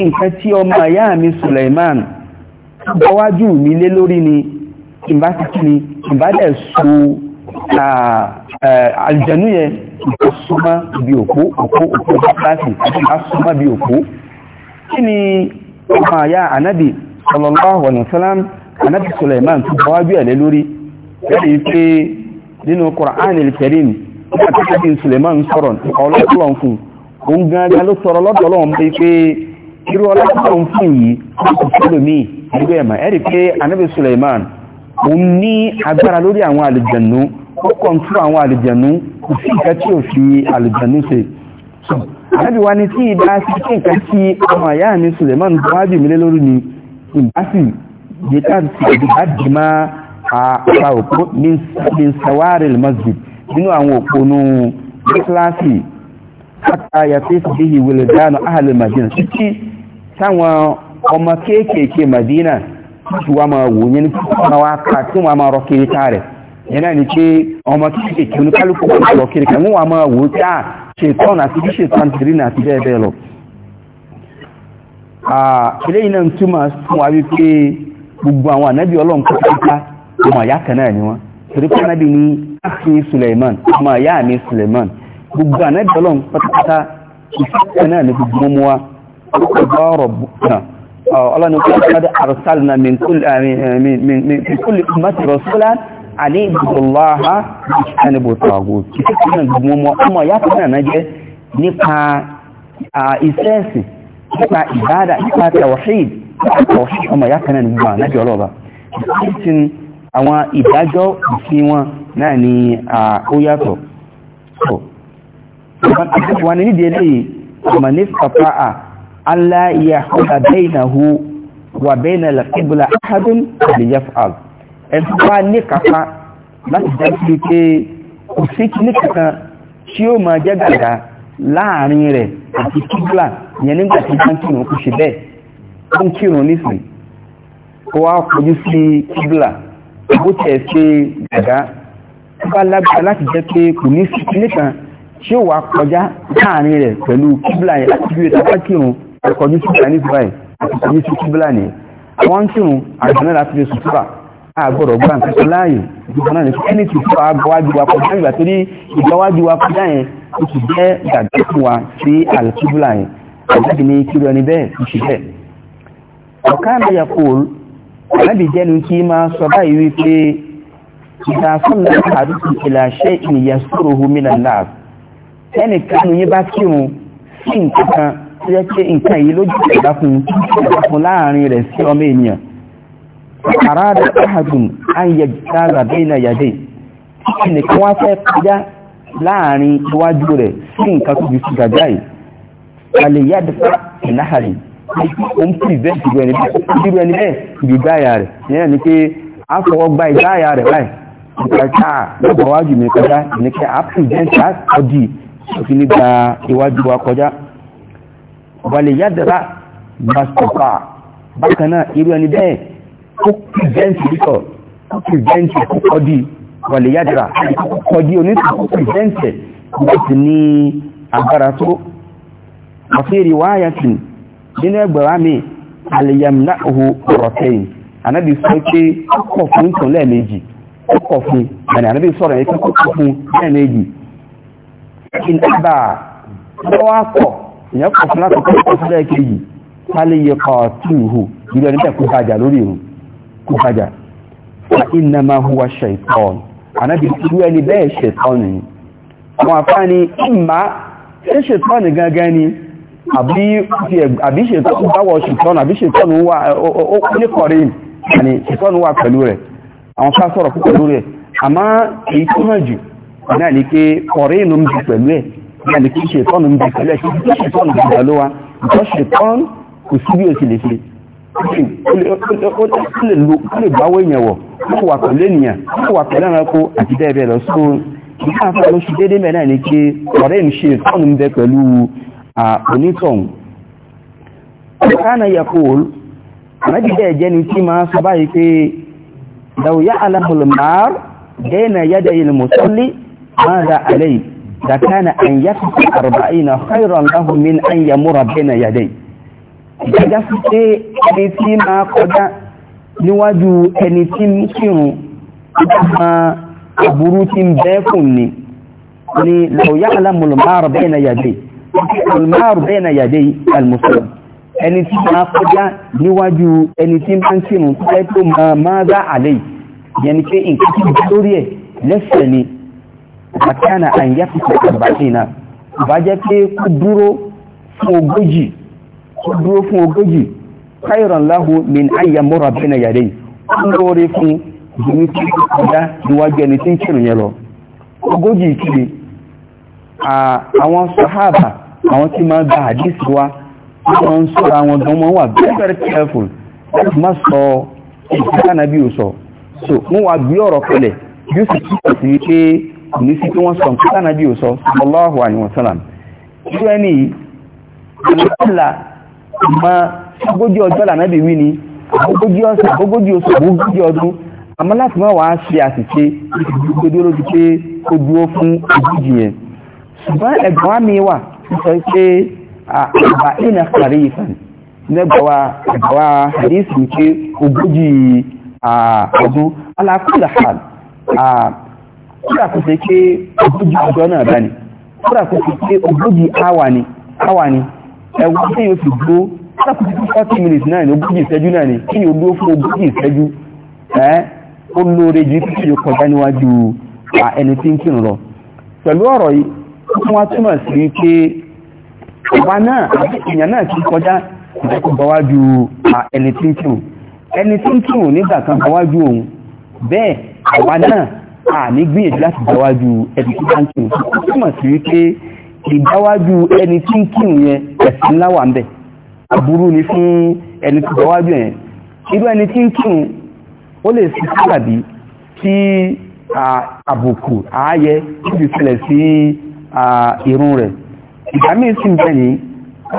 nǹkan tí ọmọ àyá mi Suleiman bọ́wájú mi lé lórí ni ìbá ti kí ni ìbá dẹ̀ so àlùjànnú yẹn ìbá súnmọ́ bí òkú òkú òkú bá sí àti ìbá bí òkú kí ni ọmọ àyà ànábì sallallahu alaihi wasallam ànábì Sulaiman tó bọ́ wájú ẹ̀lẹ́ lórí lẹ́rìí pé nínú Qur'anil Karim nígbà tí kí Sulaiman sọ̀rọ̀ ọlọ́pọ̀lọ́n fún òun gangan ló sọ̀rọ̀ lọ́dọ̀ọ́lọ́wọ́n pé pé irú ọlọ́pọ̀lọ́n fún yìí kò fẹ́lòmí ẹgbẹ́ ẹ̀mà ẹ̀rì pé ànábì Sulaiman òun ní agbára lórí àwọn àlùjànnú ó kọ̀ntú tí ò fi àlùjànnú ṣe àbẹ́bí wa ni tí ìbá sí kí nǹkan tí ọmọ àyá n'i Suleiman buhari mi lé lórí ni ìbásí jẹta ti ìdìbà dìímá àpá òpó ní sawari masjid nínú àwọn òpónú kíláàsì pátá yàtọ̀ ìsìnkú ìwòlè dánà ahàlè madina títí táwọn ọmọ kéékèèké madina tí wọ́n máa wò yẹn tí wọ́n máa rọ kiri yẹn náà ni pé ọmọ ṣètọ́n àti bí ṣètọ́n ti rí náà ti bẹ́ẹ̀ bẹ́ẹ̀ lọ eléyìí náà ń túmọ̀ fún wa wípé gbogbo àwọn ànábì ọlọ́run kọ́ pípa ọmọ àyá kan náà ni wọ́n torí pé ànábì ní áfin Suleiman ọmọ àyá mi Suleiman gbogbo ànábì ọlọ́run pátápátá ìfẹ́ náà ni gbogbo mú wa ọgbà ọ̀rọ̀ náà ọlọ́run kọ́ pípa arsalna min kulli ummatin rasulan àní ìbùdóláha ìṣẹ́nibò tààgò kí sí ìpínlẹ̀ gbogbo ọmọ ọmọ ìyá fún náà jẹ́ nípa ìsẹ́ẹ̀sì nípa ìbádà nípa tawhid ọmọ ìyá kan náà ní gbogbo ànájọ́ ọlọ́ba àwọn ìdájọ́ òfin wọn náà ni ó yàtọ̀ wọ́n ní nídìí eléyìí man istata'a alla yahula bainahu wa bainal qibla ahadun falyaf'al ẹ̀tù bá ní kàfà láti jẹ́ sí pé kò sí kíní kankan tí ó máa jẹ́ gàgà láàrin rẹ̀ àti kíbla yẹn nígbà tí wọ́n kírun kò ṣe bẹ́ẹ̀ ó ń kírun nísìn ó wá kọjú sí kíbla bó tẹ̀ ṣe gàgà tó bá lágbára láti jẹ́ pé kò ní sí kíní kan tí ó wà kọjá láàrin rẹ̀ pẹ̀lú kíbla yẹn láti bí ìta bá kírun ẹ̀kọ́jú sí kíbla ní àti kọjú sí kíbla ní àwọn kírun àgbọ̀nà láti fi sùtúrà àgbọ̀rọ̀ gbá nǹkan tó láàyè ìjọba náà ní kí ẹni tí fọ́ wa kọjá ìgbà tó ní ìgbáwájú wa kọjá yẹn ó ti jẹ́ gàgbé fún wa sí alkibula yẹn àjáde ní kí lọ ní bẹ́ẹ̀ kì í ṣe bẹ́ẹ̀. ọ̀ká àlàyé kòòl àlábì jẹ́nu kí máa sọ báyìí wípé ìdá sọ́nà àdúgbò ìlàṣẹ ìnìyàn sọ̀rọ̀ homina lab ẹnìkan ní bá àràdà ahadùn ayẹjára bẹ́ẹ̀nà yàdé ẹnìkan wá fẹ́ kọjá láàrin iwájú rẹ̀ sí nǹkan tó jù sí gàjá yìí alèyàdìfà ìnáhàrí o ń pìrìvẹ́ntì rẹ̀ níbẹ̀ ìgbìgbáyà rẹ̀ yẹ́nà ní pé a fọwọ́ gba ìgbáyà rẹ̀ láì ìgbàjá lọ́gbà wájú mi kọjá ní pé a pìrìvẹ́ntì òfin nígbà iwájú wa kọjá wàlèyàdìfà bàṣọ̀fà bákan náà irú ẹni bẹ́ẹ̀ ó pìrìsẹ́ǹtì lítọ̀ ó pìrìsẹ́ǹtì kókọ́ wàlẹ̀ láti ní agbára tó nínú ẹgbẹ̀rá mi anábì sọ pé fún lẹ́ẹ̀mejì fún anábì sọ̀rọ̀ kọ́kọ́ fún lẹ́ẹ̀mejì kí lọ́wọ́ akọ̀ ìyẹn kọ̀ fún fún lẹ́ẹ̀kejì ìhù ìlú ẹni lórí kó padà fa innama huwa shaitan ànábì irú ẹni bẹ́ẹ̀ shaitan ni àwọn afá ni ìmá ṣe shaitan gangan ni àbí shaitan báwọ̀ shaitan àbí shaitan wà ó ní kọrí ni shaitan wà pẹ̀lú rẹ̀ àwọn ká sọ̀rọ̀ púpọ̀ lórí ẹ̀ àmá èyí tó mọ̀ jù náà ni ó lè gbáwọ́ èèyàn wọ̀ ó wà pẹ̀lú ènìyàn ó wà pẹ̀lú ẹranko àti bẹ́ẹ̀ lọ sí ìgbà àfà ló ṣe déédéé mẹ́rin ní pé ọ̀rẹ́ ń ṣe tọ́nù ń bẹ pẹ̀lú onítọ̀hún ọ̀kánà yakul anájídẹ́ ẹ̀jẹ́ ni tí máa sọ báyìí pé dáwòyá aláhùlmar dẹ́nà yádà ilmùsọ́lì máa ra alẹ́ ìdàkánà àyàkùn àrùbáyìn na khairan lahum min an yamura bẹ́nà yádà yìí ìjọjá sí pé ẹni tí máa kọjá níwájú ẹni tí ń kírun ìjọba àbúrú tí ń bẹ́ fún ni ni lọ́yá alámùlùmáàrù bẹ́ẹ̀ na yàdé alùmáàrù bẹ́ẹ̀ na yàdé alùmùsùlùm ẹni tí máa kọjá níwájú ẹni tí máa ń kírun pẹ́ tó máa máa pé nǹkan dúró fún ogójì ó dúró fún ogójì khairan lahu min ayya mọ́ra bẹ́nà yàrá yìí ó ń lóore fún ìdíwí tí ó kọjá níwájú ẹni tí ń kírun yẹn lọ ogójì ìkiri àwọn sahaba àwọn tí máa gba àdísì wa wọ́n ń sọ́ra àwọn gan wọ́n wà very very careful láti má sọ ìgbàna bí o sọ so wọ́n wà bí ọ̀rọ̀ pẹ̀lẹ̀ yóò sì kíkọ̀ sí wípé kò ní sí pé wọ́n sọ ìgbàna bí o sọ sallallahu alaihi wasallam ma ogójì ọjọ́ lànàbì wí ni ogójì ọ̀sẹ̀ ogójì oṣù ogójì ọdún àmọ́ láti má wàá ṣe àṣìṣe gbogbo lójú pé ó dúró fún ogójì yẹn ṣùgbọ́n ẹ̀gbọ́n àmì wà sọ pé àbá ìnà kàrí ìfàn nẹ́gbàwà àgbàwà hadith wípé ogójì ọdún alákùnlàhàn kúrà kò sí pé ogójì ọjọ́ náà bá kúrà kò sí pé ogójì áwà ni ẹ̀wọ̀n tí yóò sì gbó lápùtù 40 minutes náà ní ogójì ìṣẹ́jú náà ni kí ni ó dúró fún ogójì ìṣẹ́jú ẹ́ ó lóore ju kí yóò kọjá níwájú ẹni tí ń kírun lọ pẹ̀lú ọ̀rọ̀ yìí wọ́n wá túmọ̀ sí pé ọba náà èèyàn náà ti kọjá ìjẹ́kùn bá wájú ìgbáwájú ẹni tí ń kí yẹn ẹ̀sìn láwà ń bẹ̀ àbúrú ni fún ẹni tí gbáwájú yẹn irú ẹni tí ń kí ó lè sí sábàbí tí àbùkù ààyẹ níbi ìṣẹ̀lẹ̀ sí irun rẹ̀ ìgbà míì sì ń bẹ̀ ní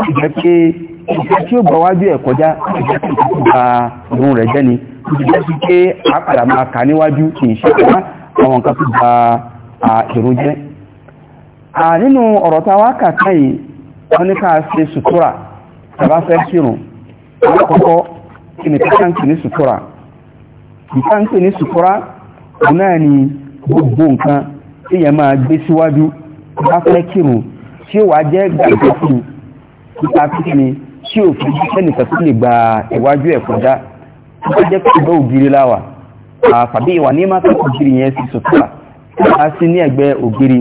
ìjẹ́ pé ìjẹ́ tí ó gbáwájú ẹ̀ kọjá ìjẹ́ tí ó gba irun rẹ̀ jẹ́ ni ìjẹ́ sí pé àpàdà máa kà níwájú kì í ṣe àwọn nǹkan tó gba irun jẹ́ à nínú ọ̀rọ̀ tá wá kàkà yìí wọ́n ní ká ṣe sùtúrà tàbá fẹ́ kírun alákọ̀ọ́kọ́ kí ni ká ń pè ní sùtúrà ìká ń pè ní sùtúrà òun náà ni gbogbo nǹkan tí yẹn máa gbé síwájú bá fẹ́ kírun tí ó wà jẹ́ gbàgbé fún nípa kíkiri tí ò fi ẹnìkan tó lè gba ìwájú ẹ̀ kọjá tó jẹ́ pé ìgbẹ́ ògiri láwà àfàbí ìwà ní má kọ́kọ́ ògiri yẹn sí sùtúrà a sí ní ẹ̀gbẹ́ ògiri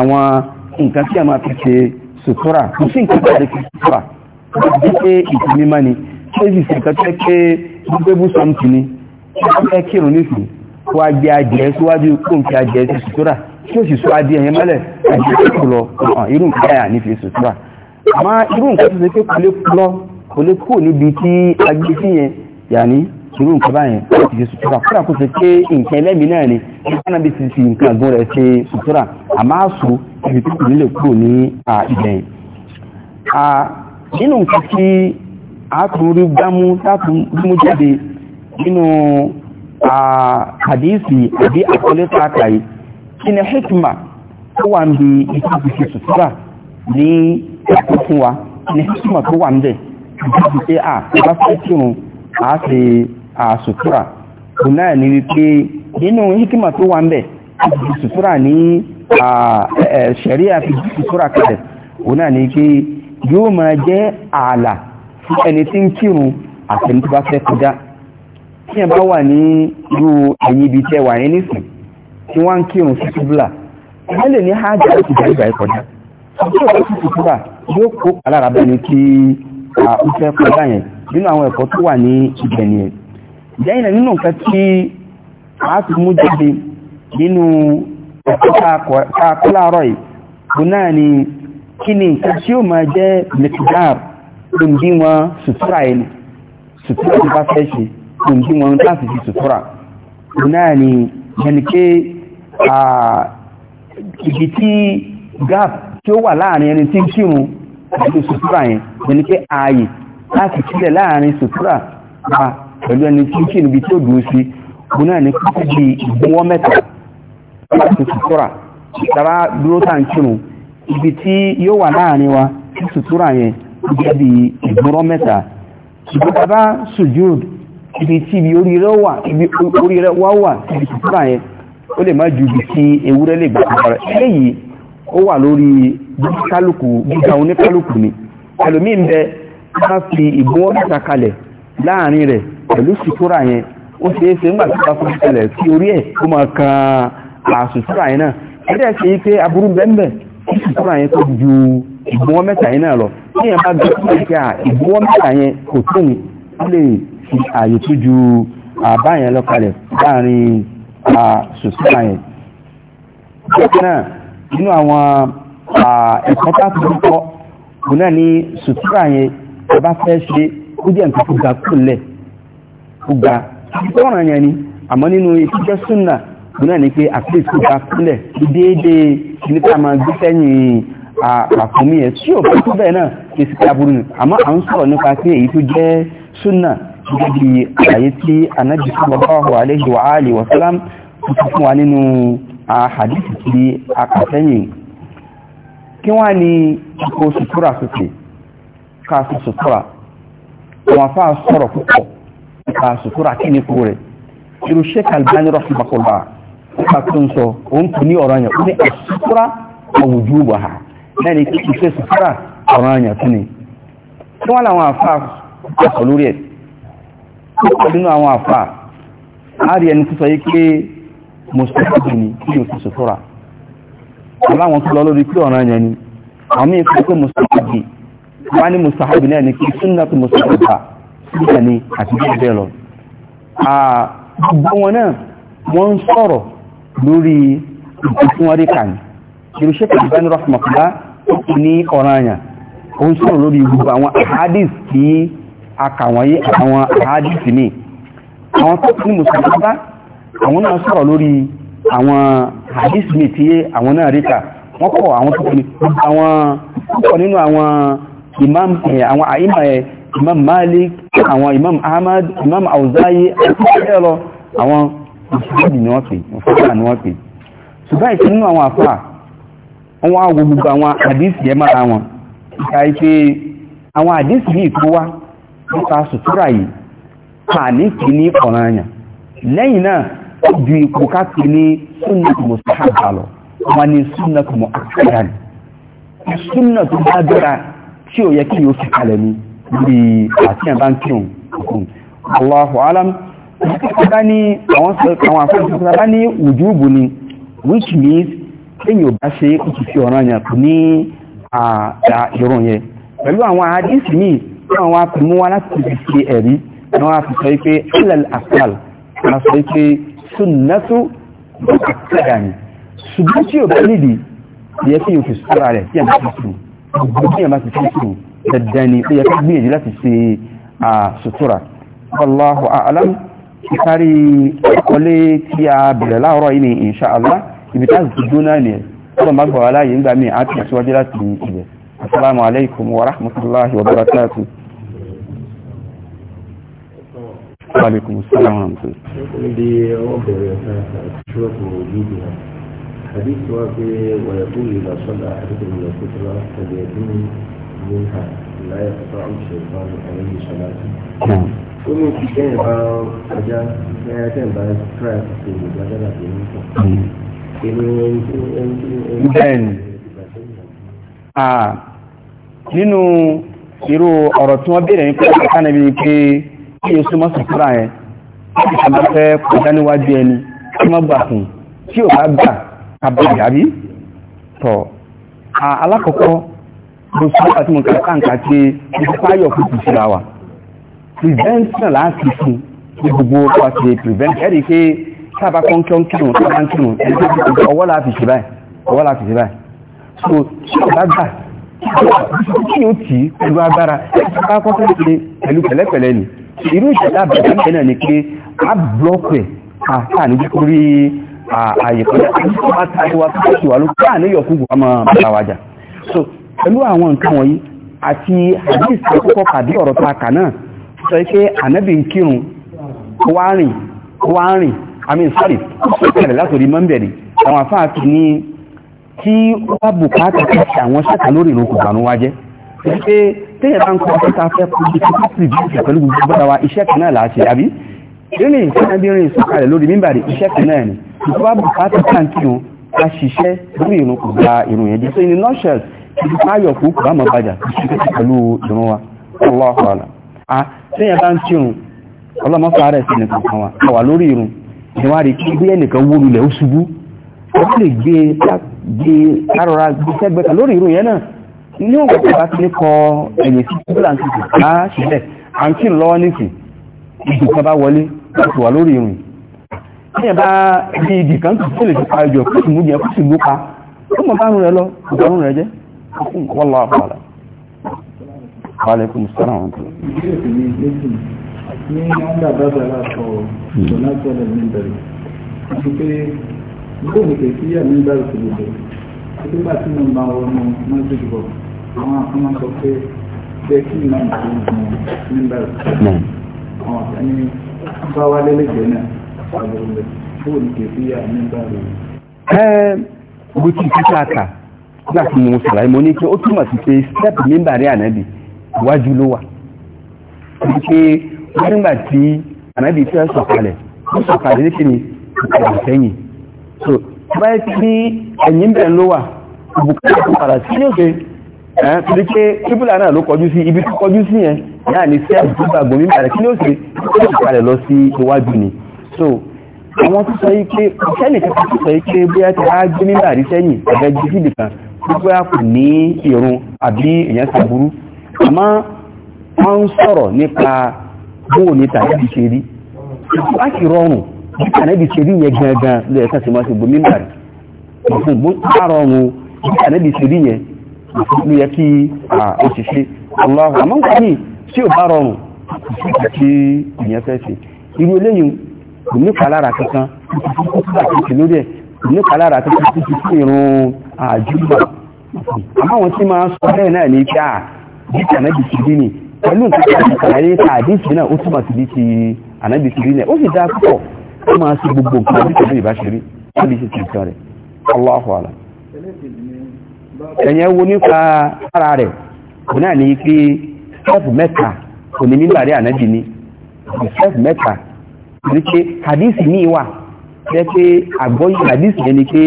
àwọn nǹkan tí a máa fi ṣe sutura kò sí nǹkan tàbí kí sutura bí pé ìtìmímá ni ṣe sì sí nǹkan tẹ́ pé gbogbo sọmtì ni ṣe kírun nísìn wá gbé adìẹ síwájú kóǹkì adìẹ sí sutura tí ó sì sọ adìẹ yẹn mọ́lẹ̀ adìẹ tó kù lọ ọ̀hàn irú nǹkan báyẹn láti ṣe sutura kúrà kó ṣe nǹkan ẹlẹ́mìí náà ni ìpáná bí ti fi nǹkan àgọ́ rẹ̀ ṣe sutura àmọ́ àṣù ibi tó kù nílẹ̀ kúrò ní ìgbẹ̀yìn. nínú nǹkan tí a tún rí gbámú látún mú jáde nínú àdéhìsì àbí àkọlé tá a kà yìí kí ni hikma tó wà ń bi ìtàkùn ṣe sutura ní ẹ̀kọ́ fún wa kí ni hikma tó wà ń bẹ̀ ìtàkùn ṣe à bá fẹ́ kírun àsùtúrà kò náà ní wípé nínú hikima tó wà ń bẹ̀ sùtúrà ní ṣẹ̀ríà fi sùtúrà kalẹ̀ kò náà ní wípé yóò máa jẹ́ ààlà fún ẹni tí ń kírun àtẹni tó bá fẹ́ kọjá tí ẹ bá wà ní irú ẹ̀yìn ibi tẹ́ wà yẹn nísìn tí wọ́n ń kírun sí túbúlà wọ́n lè ní fẹ́ kọjá yẹn nínú àwọn ẹ̀kọ́ tó wà ní ìgbẹ̀nìyàn lẹ́yìn nínú nǹkan tí a ti mú jáde nínú ẹ̀kọ́kọ́láàrọ̀ ìbò náà ni kí ni nǹkan tí ó máa jẹ́ mẹtìdáàr tó ń bí wọn sùtúrà ẹni sùtúrà tó bá fẹ́ ṣe tó ń bí wọn láti fi sùtúrà ìbò náà ni yẹnike ibi tí gap tí ó wà láàrin ẹni tí ń kírun pẹ̀lú sùtúrà yẹn yẹnike ààyè láti kílẹ̀ láàrin sùtúrà pẹ̀lú ẹni tí kí níbi tí ó dùn sí kú náà ní kúkú di ìgbọ́n mẹ́ta láti sùtúrà ìtara dúró tà ń ibi tí yóò wà láàrin wa tí sùtúrà yẹn jẹ́ bí ìgbọ́n mẹ́ta ṣùgbọ́n bá sùjúd ibi tí ibi orí rẹ̀ wà ibi orí rẹ̀ wá wà ibi sùtúrà yẹn ó lè má ju ibi tí ewúrẹ́ lè gbà kọ́ra eléyìí ó wà bẹ ká fi ìgbọ́n mẹ́ta kalẹ̀ láàrin rẹ̀ pẹ̀lú sùtúrà yẹn ó ṣe é ṣe ń gbà tó bá fún ìṣẹ̀lẹ̀ tí orí ẹ̀ ó máa kan àsùtúrà yẹn náà ẹ̀rẹ́ ṣe yí pé aburú bẹ́ẹ̀ sùtúrà yẹn tó ju ìgbọ́n mẹ́ta yẹn náà lọ ní ẹ̀ bá gbé fún ìṣẹ́ ìgbọ́n mẹ́ta yẹn kò tó ní ó lè fi ààyè tó ju àbá yẹn lọ́kalẹ̀ láàrin àsùtúrà yẹn. bákan náà nínú àwọn ẹ̀kọ́ tá a ti kọ́ ní sùtúrà yẹn tó bá ó jẹ́ nǹkan tó ga kó lẹ̀ ó ga tọ́ràn yẹn ni àmọ́ nínú ìfíjẹ́ súnà kò ni pé àpèjì tó ga kó déédéé kìíní tá a máa gbé sẹ́yìn àkómi ẹ̀ tí ò bá tó bẹ́ẹ̀ náà kì í sì pé aburú ni àmọ́ à ń sọ̀rọ̀ nípa pé èyí tó jẹ́ súnà gẹ́gẹ́ bí àlàyé tí anájì sallallahu alayhi wa alihi wa sallam tuntun fún wa nínú àhàdìsì tí a kà sẹ́yìn kí wọ́n á ní kó sutura sókè ká sutura àwọn afá sọ̀rọ̀ púpọ̀ nípa sùtúrà kí ní kú rẹ̀ irú Sheikh Albani rahimahullah nípa tó ń sọ òun kò ní ọ̀rọ̀ yẹn ó ní àsùtúrà àwùjú wà á náà ní kí ṣe sùtúrà ọ̀rọ̀ yẹn tún ni tí wọ́n làwọn afá sọ lórí ẹ̀ tó pọ̀ nínú àwọn afá á ẹni tó sọ yí pé mùsùlùmí ni kí yóò fi sùtúrà aláwọn tó lọ lórí pé ọ̀rọ̀ yẹn ni àwọn mí wọ́n ní mustahabi náà ní kí sunnatu mustahaba síkà ní àti bí bẹ́ẹ̀ lọ gbogbo wọn náà wọ́n ń sọ̀rọ̀ lórí ìpínwárí kan irúṣẹ́ kàbíbáni rahmatullah ní ọ̀ranyàn ó ń sọ̀rọ̀ lórí gbogbo àwọn ahadis tí a kà wọ́nyí àwọn ahadis ní àwọn tó ní mustahaba àwọn náà sọ̀rọ̀ lórí àwọn ahadis ní tí àwọn náà ríta wọ́n kọ̀ àwọn tó ní àwọn àwọn imam eh, àwọn àìmọ̀ ẹ̀ eh, imam malik àwọn imam ahmad imam auzayi àti bẹ́ẹ̀ lọ àwọn ìṣẹ́lẹ̀ ni wọ́n pè ìfọ́nà ni wọ́n pè ṣùgbọ́n ìṣẹ́ nínú àwọn àfà wọ́n wá wo gbogbo àwọn àdísì ẹ̀ mára wọn ìka ipé àwọn àdísì yìí kó wá nípa sùtúrà yìí kà ní kì ní ọ̀ranyàn tí ó yẹ kí yóò fi kalẹ̀ ní bí àti ẹ̀bá ń kírùn ọkùn Allahu alam bá ní àwọn àfẹ́sọ́sọ́ bá ní wujubu ni which means kíyàn bá ṣe kùtù sí ọ̀rọ̀ yẹn kù ní àdá ìrùn yẹn pẹ̀lú àwọn àdísì míì tí wọ́n wá fi mú wá láti fi ṣe ẹ̀rí ni wọ́n fi sọ pé ilẹ̀ àkàl wọ́n gbogbo yàmá ti fi sùn dandan ni ó yẹ ká gbìyànjú láti ṣe sutura wallahu a'lam ìkárí ọlé tí a bẹ̀rẹ̀ láàárọ̀ yìí ni insha Allah ibi tá ti dúnà ní ọdún bá gbọ̀wà láyé ńgbà míì àti ìṣíwájú láti ibẹ̀ حديث واقع ويقول إذا صلى أحدكم إلى الفطرة فليكن منها لا يقطع الشيطان عليه صلاته. ó ní kí kẹ́yìn bá ọjà kẹ́yìn kẹ́yìn bá kíláà ti ṣe ìgbàdàgbà tó ń sọ. èmi ẹni tí ẹni tí ẹni tí ẹni tí nínú irú ọ̀rọ̀ tí wọ́n béèrè nípa ìkànnì bíi pé kí yóò súnmọ́ sàkúrà yẹn kí ìṣàmọ́fẹ́ kọjá níwájú ẹni kí wọ́n gbà fún tí ò bá gbà abẹ́rẹ́ àbí tọ̀ alákọ̀ọ́kọ́ mo sọ àti mo kà káǹkà pé ìfipáyọ̀ kò tù síra wa prevention láti fún ní gbogbo ọkọ̀ àti prevent ẹ̀rí pé sábà kọ́ńkọ́ń kírun tó bá ń kírun ẹgbẹ́ ìgbẹ́ ọwọ́ láti ṣe báyìí ọwọ́ láti ṣe báyìí so tí o bá gbà kí o tì í pẹ̀lú agbára bá kọ́kọ́ ṣe pẹ̀lú pẹ̀lẹ́pẹ̀lẹ́ ni irú ìṣẹ̀dá bẹ̀rẹ̀ náà ni pé a blọ́ọ̀kù ẹ̀ àtàníjú kúrí ààyè pẹ̀lú àwọn àtàríwá tó ṣe wà ló káà ní yọkúgbù ọmọ bàwàjà so pẹ̀lú àwọn nǹkan wọ̀nyí àti hadith àkọ́kọ́ pàdé ọ̀rọ̀ tó àkà náà sọ pé ànábì ń kírun wá rìn wá rìn àmì sọ́rì ó bẹ̀rẹ̀ látòrí mọ́ńbẹ̀rẹ̀ àwọn afáà ti ní tí ó bá bùkátà kí àwọn ṣẹ́ta lórí ìrun kò bànú wá jẹ́ pé téèyàn bá ń kọ́ ọ́ nínú ìtẹ́nàbírin ìsọ̀kalẹ̀ lórí mímbàrí iṣẹ́ kan náà ni ìfọ́wà bùkátà kàǹkìrún a ṣiṣẹ́ lórí ìrun kò gba ìrun yẹn jẹ́ so in a nutshell ìdí káyọ̀ kú kò bá mọ̀ bàjá ṣiṣẹ́ pẹ̀lú ìrun wa ọlọ́ọ̀họ́lá a sẹ́yìn bá ń kírun ọlọ́mọ́fà rẹ̀ sí nìkan kan wa a wà lórí ìrun ìwárí kí bí ẹnìkan wó lulẹ̀ ó ṣubú ó lè gbé kárọ̀ra gbẹ́sẹ́gbẹ́ kan lórí ìrun yẹn náà ní òun kò bá ti ní kọ ẹ̀yìn sí kúbúlà ń ti sùn á ṣiṣẹ́ à ń kírun lọ́wọ́ nísìn ìdùn kan bá wọlé láti wà lórí ìrìn ẹ̀yẹ̀ bá bí igi kan tó tó lè ti pa ìjọ kó sì mú jẹ kó sì mú pa ó mọ̀ bárùn rẹ lọ ìgbàrún rẹ jẹ́ wọ́lá àpàlà àwọn akọ́mọ́ sọ pé bẹ́ẹ̀ kí ìmọ̀ ìgbìmọ̀ níbẹ̀rẹ̀ àwọn ẹni bá wá lẹ́lẹ́gbẹ̀ẹ́ náà àlọ́lẹ̀ fóònù kẹfíyà nígbà rẹ̀. ẹ gúúsù títà àkà nígbà tí mo sàlàyé mo ní pé ó túmọ̀ sí pé step nígbà rí ànábì iwájú ló wà ní pé wọ́n nígbà tí ànábì fẹ́ sọ̀kalẹ̀ ó sọ̀kalẹ̀ nípe ni ìpàdé sẹ́yìn so báyìí tí ẹ̀yìn bẹ̀rẹ̀ ló wà bùkátà padà sí ẹ̀hán ti di pé kíbùlà náà ló kọjú sí ibi tó kọjú sí yẹn náà ni sẹ́ẹ̀bù tó gbàgbọ́ mímọ̀ rẹ̀ kí ni ó sì ó sì kalẹ̀ lọ sí iwájú ni so àwọn tó sọ yìí pé sẹ́nì kẹta tó sọ yìí pé bóyá ti á gbé mímọ̀ àrí sẹ́yìn ẹ̀bẹ̀ jí sí nìkan tó bóyá kò ní ìrun àbí èèyàn sàbúrú àmọ́ wọ́n ń sọ̀rọ̀ nípa bóò ní tàbí ṣe rí ètò á sì rọrùn bí tàbí ṣe rí yẹn gangan lóyè sàṣìmọ́ sí gbòmímọ̀ rẹ̀ òfin bó á rọrùn bí tàbí ṣe rí yẹn ló yẹ kí òṣìṣẹ́ aláwọ̀ àmọ́ nǹkan ní tí ò bá rọrùn tí ìyẹn fẹ́ ṣe irú eléyìn kò ní palára kankan títí lórí ẹ̀ kò ní palára kankan títí sí ìrún àjúgbà àmọ́ wọn tí máa sọ bẹ́ẹ̀ náà ní pé à jíjì ànábì ti rí ni pẹ̀lú nǹkan tí àlàyé àdíṣe náà ó túmọ̀ sí bí ti ànábì ti rí ni ó sì dá púpọ̀ ó máa ṣe gbogbo nǹkan bí tẹ̀lé ìbáṣe rí láti ṣe tìǹkan rẹ̀ Allahu alam ẹ̀yẹn wo nípa ara rẹ̀ kò náà ní pé step mẹ́ta kò ní nígbà rí ànábì ni step mẹ́ta kò ní pé hadisi ní ìwà jẹ́ pé àgbọ́yé hadisi yẹn ni pé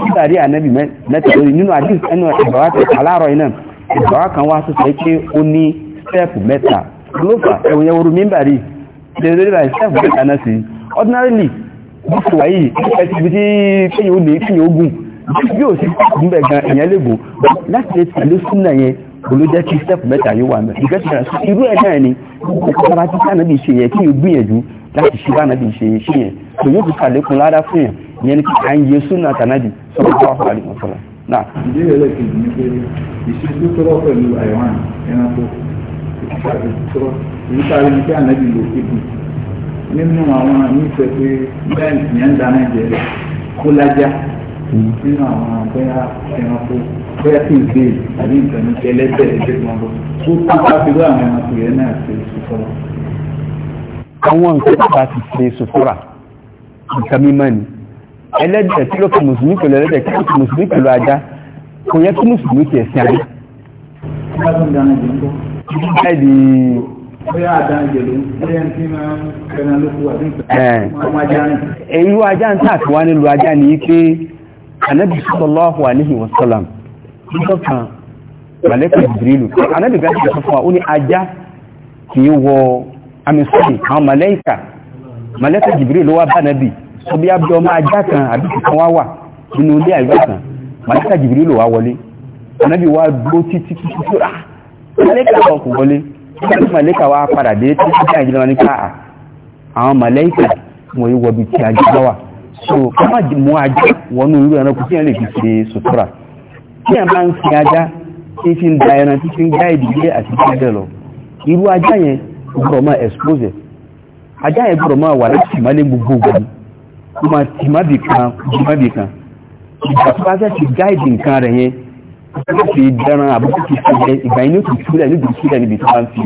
nígbà rí ànábì mẹ́ta lórí nínú hadisi ẹnu ìgbàwá tẹ̀ aláàrọ̀ iná ìgbàwá kan wá tó sọ pé ó ní step mẹ́ta lófà ẹ̀wọ̀n yẹn wọ́rọ̀ mímbà rí lórí rà step mẹ́ta náà sí ordinarily bí kò wáyé ẹ̀sìn ibi tí kéyìn ó lè kéyìn ó gùn bí o sí gúnbẹ̀ gan èèyàn lè gùn láti lè tẹ̀lé súnà yẹn kò ló jẹ́ kí step mẹ́ta yóò wà mẹ́rin ìgbẹ́ tẹ̀lé sí irú ẹ̀ náà ni ìjọba tí sáà nàbì ṣe yẹn kí o gbìyànjú láti ṣe bá nàbì ṣe yẹn ṣe yẹn kò yóò fi kàlékun lára fún yẹn ìyẹn ni à ń yẹ súnà tànàbì sọ́kọ́ bá wà lè mọ̀sọ́lá. ìdílé rẹ̀ kejì ni pé ìṣe tó tọ́rọ pẹ̀lú àìwọ̀n ẹranko ìṣàkóso tọ́rọ tí àwọn abẹ́yà ẹranko bẹ́ẹ̀ sì dé àbí ìtẹ̀mí ti ẹlẹ́sẹ̀ ẹgbẹ́ kan lọ tó tó bá fi lọ àwọn ẹranko yẹn náà ṣe sùfúra. àwọn nǹkan tó bá ti ṣe sùfúra nǹkan mímọ́ ni ẹlẹ́dẹ̀ tí ló fi mùsùlùmí pẹ̀lú ẹlẹ́dẹ̀ kí ló fi mùsùlùmí pẹ̀lú ajá kò yẹ kí mùsùlùmí ti ẹ̀sìn ayé. bẹ́ẹ̀ ni ẹ̀rú ajá ń tà tí wá nílùú ajá ni pé anabi sallallahu alaihi wasallam nígbàkan malẹ́kùn ìdírílù anabi gáàsì sọ fún wa ó ní ajá kì í wọ amisọ́lì àwọn malẹ́kà malẹ́kùn ìdírílù wá bá nabi sọ bí abẹ́ ọmọ ajá kan àbí kìkan wá wà nínú ilé àgbà kan malẹ́kùn ìdírílù wá wọlé anabi wá dúró títí títí tó rà ah, malẹ́kà wọ kò wọlé nígbàtí malẹ́kà wá padà dé títí tí àjílẹ̀ wọn ní káà ah, àwọn malẹ́kà wọ́n yí wọ bí tí àjílẹ̀ wà so ká má mú ajá wọnú irú ẹranko tí ẹ lè fi ṣe sutura tí ẹ bá ń fi ajá tí fi ń da ẹran tí fi ń gbá ìdílé àti tí bẹ́ẹ̀ lọ irú ajá yẹn gbọ́dọ̀ máa expose ajá yẹn gbọ́dọ̀ máa wà láti ìmọ̀lẹ́ gbogbo gbogbo ó máa tìmọ́bì kan tìmọ́bì kan ìgbà tó bá fẹ́ ti gáìdì nǹkan rẹ̀ yẹn ó fi dẹran àbúkù ti fi jẹ ìgbà yẹn ní ó ti túlẹ̀ ní ó ti túlẹ̀ níbi tó bá ń fi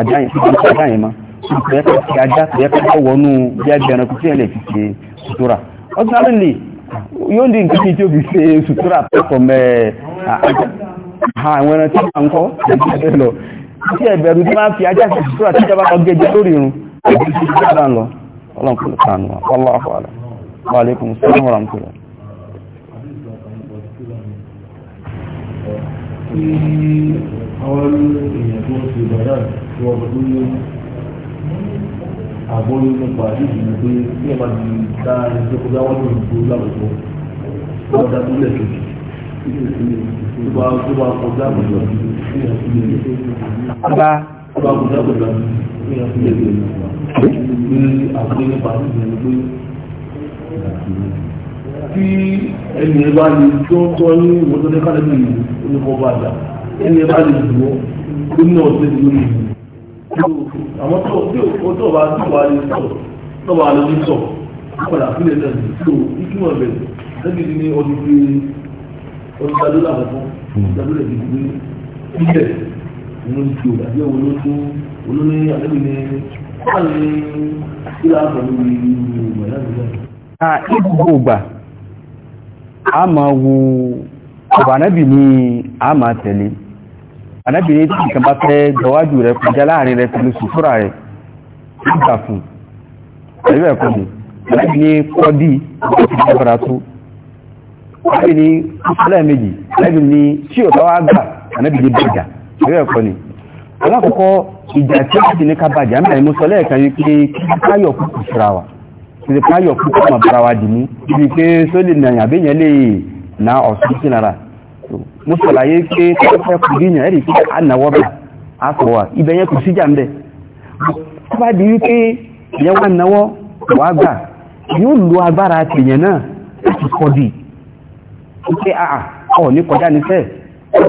ajá yẹn mọ́ kò yẹ ajá kò yẹ wọnú bí agbẹ̀rẹ̀ kò sutura ordinarily yóò di nǹkan tí ó fi ṣe sutura pẹ̀tọ̀ mẹ́ àwọn ẹran tí a ń kọ́ ẹgbẹ́ lọ ẹ̀bẹ̀rù sutura tí ìjọba lórí irun àgbóyé nípa àdéhùn ní pé kí ẹ máa di dá ẹni tó kọjá wọ́n ní ìlú láwùjọ wọ́n dá sílẹ̀ kejì tó bá tó bá kọjá àwùjọ kí ẹ fi lè bá tó bá kọjá àwùjọ kí ẹ fi lè lè ní àgbóyé nípa àdéhùn ní pé tí ẹni ẹ bá lè tó ń tọ́ ní ìwọ́n tó dé kálẹ̀ bí oníkọ́ bá dà ẹni ẹ bá lè dùn ó ní ọ̀sẹ̀ lórí ìlú àwọn tó tí o tó bá tó wà lè sọ tó wà lè sọ kọlà sílẹ̀ náà ní tó ìtumọ̀ bẹ̀rẹ̀ lẹ́gbẹ̀ẹ́ ní ọdún pé ọdún tàbí làwọn fún tàbí lẹ́gbẹ̀ẹ́ ti gbé sílẹ̀ ìwọ̀n ti o tàbí ọwọ́ ló tún olórí àlẹ́gbẹ̀ẹ́ ní wà ní ìlà àbọ̀lù ìgbà láti náà. ibùgbò gbà a máa wo ọ̀bànábì ni a máa tẹ̀lé anábìnrin tí nǹkan bá fẹ́ jọwájú rẹ̀ kọjá láàrin rẹ̀ pẹ̀lú sùtúrà rẹ̀ nígbà fún pẹ̀lú ẹ̀kọ́ mi anábìnrin kọ́dí láti dábàrà tó anábìnrin lẹ́ẹ̀mejì anábìnrin tí ò bá wá gbà anábìnrin bàjá pẹ̀lú ẹ̀kọ́ ni alákọ̀ọ́kọ́ ìjà tí ó ti ní ká bàjá ń bẹ̀rẹ̀ mo sọ lẹ́ẹ̀kan yìí pé kí káyọ̀ kúkú fura wa kí káyọ̀ kúkú mọ̀ bara wa dì mú ibi pé sólè nàyàn àbẹ́yẹn lè na ọ̀sùn sí lára mo ṣàlàyé pé tọ́pẹ́ kù díyàn ẹ̀rì pé ànàwọ́bà àkọwà ibẹ̀ yẹn kù sí jàmbẹ̀ tó bá di wípé ìyẹn wà náwọ́ wà gbà yóò lo agbára tèèyàn náà láti kọ́ di pé àà ọ̀ ní kọjá nífẹ̀ ó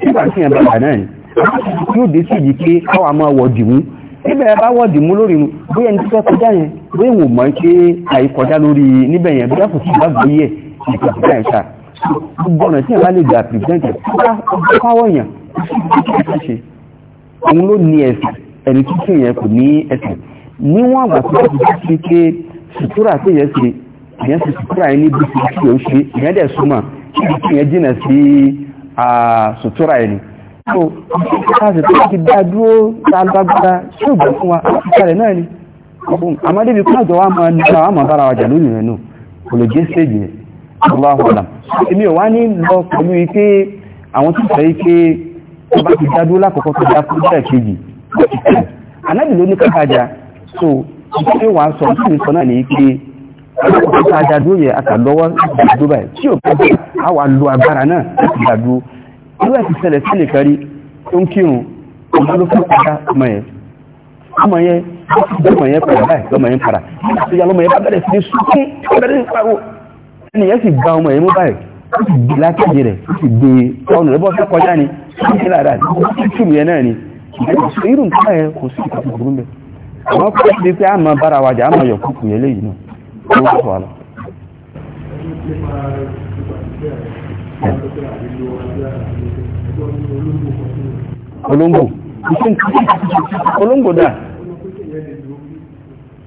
ti bá ni yóò dé sí ìdí pé káwà máa wọ̀ dìmú níbẹ̀ bá wọ́dì mú lórí inú bóyá ní títọ́ kọjá yẹn bóyá wò mọ́ pé àìkọjá lórí níbẹ̀ yẹn bí wọ́n kò sí ìgbàgbọ́ yẹ̀ ìgbàgbọ́ yẹn ṣáà gbogbo ọ̀nà tí ẹ̀ bá lè gbà pìrìsẹ́ǹtì ọgbọ́káwọ̀ èèyàn ṣe òun ló ní ẹ̀sìn ẹni tuntun yẹn kò ní ẹ̀sìn níwọ̀n àgbà tó ti ṣe pé sùtúrà tí yẹn ṣe ìyẹn ṣe sùtúrà yẹn níbi tí tí ó ṣe ìyẹn dẹ̀ súnmọ̀ ibi tí yẹn jìnà sí sùtúrà yẹn ni. so káṣí tó ti dá dúró tá a lágbára tí ó gbà fún wa àtúntà rẹ̀ náà ni. àmọ́ débi kí wọ́n jọ wá máa nípa àwọn àmọ́ bára wa jà lónìí rẹ̀ náà kò lè jẹ́ stage yẹn Allahu alam èmi ò wá ní lọ pẹ̀lú ipé àwọn tí sọ ipé ọba ti dádó lákọ̀ọ́kọ́ tó dá fún bẹ́ẹ̀ kejì anábì ló ní kákájá so ìpínlẹ̀ wà sọ tí mi sọ náà ní ipé ọkọ̀ àdádó yẹ àtàlọ́wọ́ dádó báyìí tí ò pẹ́ a wà lo agbára náà láti dádó irú ẹ̀sìn ṣẹlẹ̀ sílẹ̀ kárí tó ń kírun ọmọ ló fẹ́ kọjá ọmọ yẹn ọmọ yẹn ọmọ yẹn padà báyìí lọmọ yẹn padà lọmọ yẹn bá bẹ̀rẹ̀ sí ní súnkún bẹ̀rẹ̀ sí ní pariwo ẹnìyàn sì gba ọmọ ẹ̀mú báyìí ó sì gbé látẹ̀jì rẹ̀ ó sì gbé ọ̀nà rẹ̀ bọ́ fẹ́ kọjá ni ó sì lára títùmù yẹn náà ni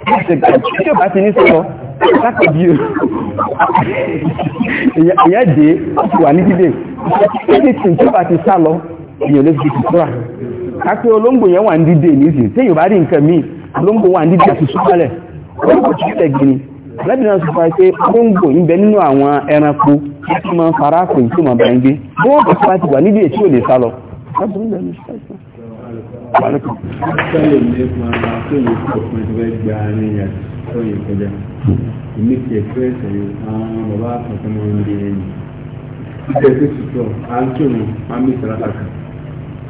tí ó bá ti ní sọ́kọ́ lákòbí ìyá dé ọ̀pọ̀ wà ní dídé ẹ̀dẹ́sìn tí ó bá ti sá lọ èyàn lè fi sùtúrà kápẹ́ olóngbò yẹn wà ní dídé nìsìn tí yóò bá rí nǹkan míì olóngbò wà ní dídé àti sùtúrálẹ̀ olóngbò tí ó tẹ̀ gini lẹ́bìnrin sọ pé olóngbò ń bẹ nínú àwọn ẹranko tí wọ́n fara kò tí wọ́n bá ń gbé bó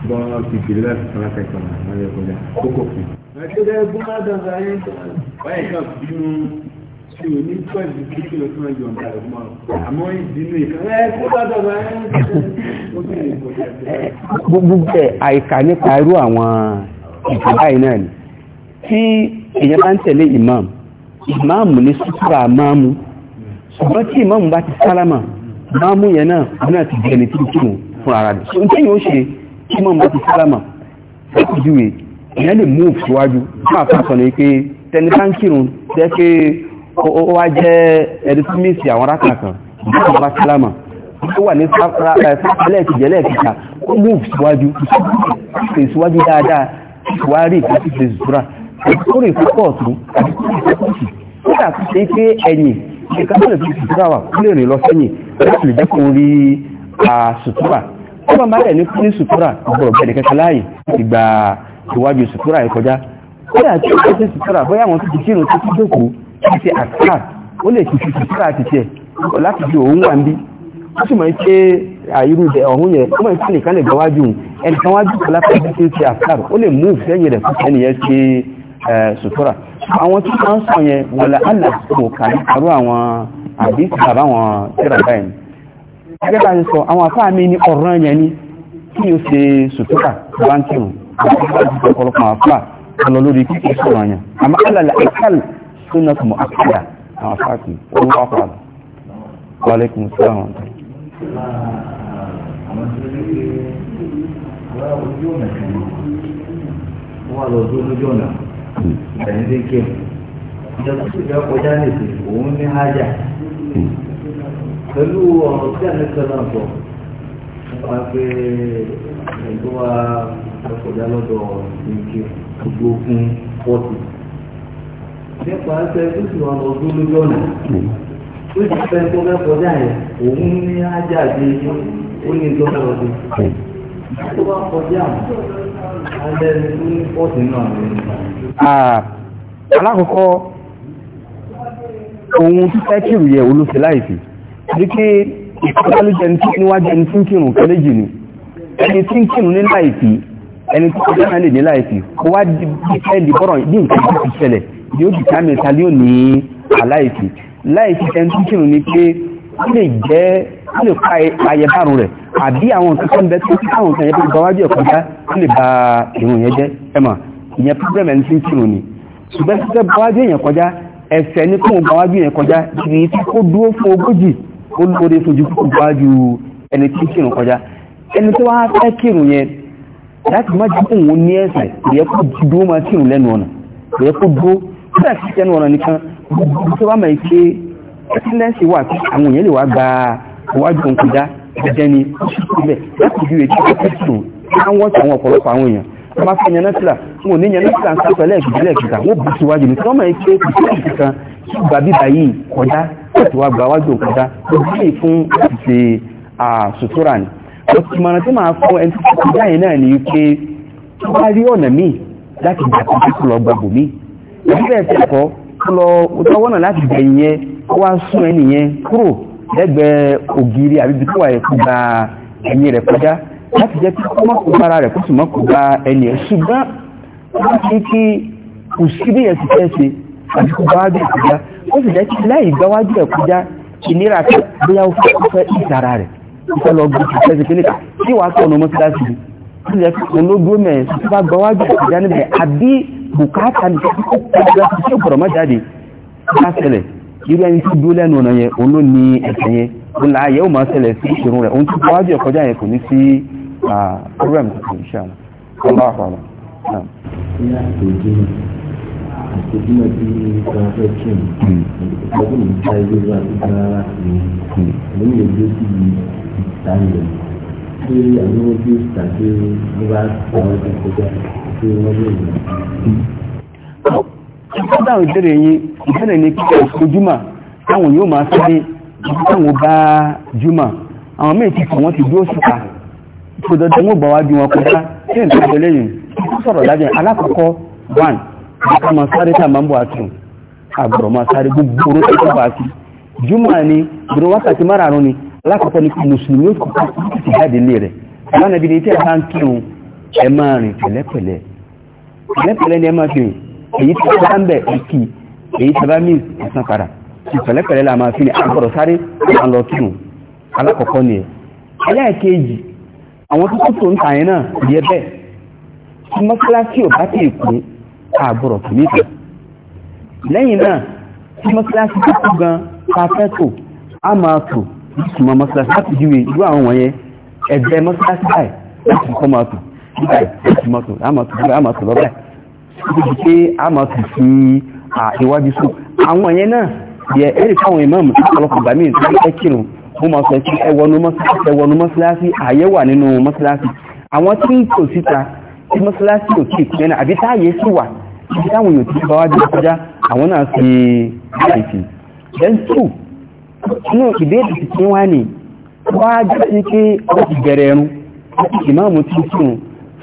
Bọ́n ti bèrè láti sàlákà ìpàdà àwọn ẹ̀kọ́jà kókò fún. Ẹgbẹ́ gbọ́dọ̀ dáadáa yẹn báyìí kan bínú tí o ní pẹ̀lú kí kí lọ tún ẹjọ́ ọ̀dà ẹ̀gbọ́n àmọ́ ìdínú ìkànnì ẹ̀kọ́ bàbá rẹ̀ gbogbo ẹ̀ àìkà nípa irú àwọn ìjọba yìí náà ni tí èèyàn bá ń tẹ̀lé imam imam ní sútúrà máàmù ṣùgbọ́n tí imam bá ti sálámà máàmù yẹn náà ọ̀nà ti di ẹni tí kí mú fún ara rẹ̀ ṣe tí yóò ṣe tí imam bá ti sálámà lápùjúwe èèyàn lè mú òfìwájú fún àfáàsọ̀ ní pé tẹni jẹ́ pé ó wá jẹ́ ẹ̀rí tó mìsì àwọn rákàkàn ìjọba bá sálámà ó wà ní sáfẹ́lẹ̀ ìjẹ́lẹ̀ ìkẹta ó mú ìsíwájú ìsíwájú dáadáa ìwárí ìpínlẹ̀ zura ìkórè púpọ̀ tún àti ìpínlẹ̀ nígbà tó ṣe pé ẹ̀yìn ìkàtọ̀lẹ̀ tó zura wà kó lè rìn lọ sẹ́yìn láti lè jẹ́ kó rí sutura ó bá má dẹ̀ ní kú ní sutura gbọ́dọ̀ bẹ̀rẹ̀ kẹta láàyè ti gba ìwájú sutura ìkọjá ó dà tí ó ṣe sutura bóyá àwọn tó ti kírun tó ti jókòó kí ṣe àkàt ó lè kìí kìí kíra àti tẹ̀ láti fi òun wà ń bí ó sì mọ̀ ṣe àìrú ìdẹ̀ ọ̀hún yẹn ó mọ̀ ṣe nìkan lè gbáwájú ẹni kan wájú kan láti fi ṣe àkàt ó lè mú ìfẹ́yìn rẹ̀ fún ẹni yẹn ṣe sùtúrà àwọn tí wọ́n sọ yẹn wọ̀lá àlà kò kà ní àrú àwọn àbí bàbá wọn tíra báyìí gẹ́gẹ́ bá ṣe sọ lọ lórí kíkẹ́ sọ̀rọ̀ yẹn àmọ́ àlàlà ìkàlù súnà tó mọ̀ ákìlá àwọn afáàkì owó àpàdà wàlékún sí àwọn ọ̀tọ̀. wọ́n lọ sí olójú ọ̀nà ìgbẹ̀yìn tí ń ké ìjọba tó ìjọba kọjá nìsí ní hájà pẹ̀lú ọ̀rọ̀ pé ẹ̀gbọ́n wa kọjá lọ́dọ̀ ìgbẹ́ gbogbo fún nípa ẹsẹ̀ tó sì wà lọ tó lójú ọ̀nà tó sì fẹ́ tó fẹ́ kọjá yẹn òun ní ájà dé ó ní tó fẹ́ lọ́dún tó bá kọjá alẹ́ ní tó ní pọ́ọ̀tì náà lẹ́nu. alákọ̀ọ́kọ́ ohun tó fẹ́ kírù yẹ olóṣè láìsí rí pé ìkọ́lálójẹ ní tí níwájú ẹni tí ń kírun kọ́lẹ́jì ni ẹni tí ń kírun ní láìsí ẹni tó kọjá náà lè ní láìsí kó wá dìfẹ́ndì bọ́rọ̀ ní nǹkan tó ti ṣẹlẹ̀ ní ó dìtà mẹ́ta ló ní aláìsí láìsí ẹni tó kìrùn ní pé ó lè jẹ́ ó lè pa ayẹ bárùn rẹ̀ àbí àwọn nǹkan tó ń bẹ tó kí àwọn nǹkan yẹn tó gba wájú ó lè ba ìrùn yẹn jẹ́ ni ṣùgbọ́n tó fẹ́ gba wájú yẹn kọjá ẹsẹ̀ ní kóun gba wájú yẹn kọjá ìrìn tí kó dúró fún ogójì ó lóore fojú kó gba wájú ẹni tó ń kìrùn kọjá láti má jí òun ní ẹ̀sẹ̀ ìyẹ kó dúró máa tí òun lẹ́nu ọ̀nà ìyẹ kó dúró nígbà tí ẹnu ọ̀nà nìkan tó bá máa ṣe ẹ̀sílẹ́sì wà tí àwọn èèyàn lè wá gba iwájú òun kọjá jẹ́ láti ju ètò ìpẹ́sùn láwọn tí àwọn ọ̀pọ̀lọpọ̀ àwọn èèyàn ma fi yẹn nẹ́tìlá wọn ní yẹn ń sáfẹ́ lẹ́ẹ̀kìtì ìmọ̀ràn tí máa fún ẹni tó ti dáyẹ̀ náà ni wípé tó bá rí ọ̀nà míì láti gbà tó kú lọ gbàgbò míì ìbílẹ̀ ti ẹ̀kọ́ tó lọ tọwọ́nà láti gbẹ̀yìn yẹn kó wá sún ẹni yẹn kúrò lẹ́gbẹ̀ẹ́ ògiri àbíbi tó wà yẹ kó gba ẹ̀yìn rẹ̀ kọjá láti jẹ́ kí kó má kó bára rẹ̀ kó sì má kó gba ẹni ẹ̀ ṣùgbọ́n wọ́n ti kí kò sí bí ẹ̀sì fẹ́ẹ̀ṣe àti kó bá wájú ẹ̀kọjá ó ìfẹ́lọ́gbọ̀ ìfẹ́sìkíníkà tí wà tó ọ̀nà mọ́sílásì ilẹ̀ ológbómẹ̀ bá gbọ́wájú ìdánilẹ̀ àbí bùkátà ní ọ̀pọ̀rọ̀mọ́jáde lásẹ̀lẹ̀ irú ẹni tí dúó lẹ́nu ọ̀nà yẹn òun ló ní ẹ̀sẹ̀ yẹn òun láàyẹ̀ ó máa ṣẹlẹ̀ sí ìṣòro rẹ̀ òun tí gbọ́wájú ọ̀kọjá yẹn kò ní sí program tuntun ìṣàlá ọlọ́ àpàlà àtòjúmọ̀ bí kan fẹ́ kí n hmm. ìpàdé mi ta ilé wa tó kan rárá hmm. sí i èmi lè dé sí ìta ilẹ̀ ṣé àwọn ojú ìta ṣe wọ́n bá ta ọjà kọjá ṣé wọ́n lè rìn. Ìpàdé àwọn ìbéèrè yín ìbéèrè ni kíkẹ́ ìfojúmọ̀ táwọn yóò máa sáré táwọn bá júmọ̀ àwọn méjì tí wọ́n ti dúró síta kò dandan wọ́n gbà wájú wọn kọjá ṣé nǹkan ṣe ká máa sáré a máa ń bọ̀ àtún àgbọ̀rọ̀ máa sáré gbogbo oró tó bá sí jùmọ̀ ni ìrọ̀ wákàtí márààrún ni lákọ̀ọ́kọ́ ni mùsùlùmí ó kọ́kọ́ ti jáde lé rẹ̀ lánàbí ni tí a bá ń kírun ẹ máa rìn pẹ̀lẹ́pẹ̀lẹ́ pẹ̀lẹ́pẹ̀lẹ́ ni ẹ máa fi rìn èyí tí a bá ń bẹ̀ ẹ̀kì èyí tí a bá mìí ẹ̀sán padà ti pẹ̀lẹ́pẹ̀lẹ́ la máa fi ní àgbọ̀rọ̀ sáré àwọn lọ kírun alákọ̀ọ́kọ́ ni ẹ̀ ẹlẹ́ẹ̀kejì àwọn tó tó tó ń tàyẹn náà rí bẹ́ẹ̀ tí mọ́sálásí ò bá tẹ̀ kún àbọ̀rọ̀ kì níta lẹ́yìn náà tí mọ́síláṣí tó kú gan pàfẹ́tò a máa tò ìsúnmọ́ mọ́síláṣí láti júwe irú àwọn wọ̀nyẹn ẹgbẹ́ mọ́síláṣí báyìí láti kọ́ máa tò nígbà láti mọ́tò a máa tò a máa tò lọ́bẹ̀ títí pé a máa tò sí iwájú sùn àwọn yẹn náà yẹ ẹ̀rí fáwọn ìmáàmù tó ọ̀pọ̀lọpọ̀ gbà míì tó fẹ́ kírun mo máa sọ pé ẹwọnú mọ́síláṣí ẹwọnú mọ́síláṣí ààyè wà nínú mọ́síláṣí àwọn tí ń tò síta tí mọ́síláṣí ò tí ì pín náà àbí táàyè sì wà táwọn èèyàn tí bá wá jẹ́ kọjá àwọn náà fi àìsí then two inú ìbéèrè ti tí wá ní wá jẹ́ sí pé ó ti bẹ̀rẹ̀ ẹ̀rùn láti ìmáàmù tí kìrùn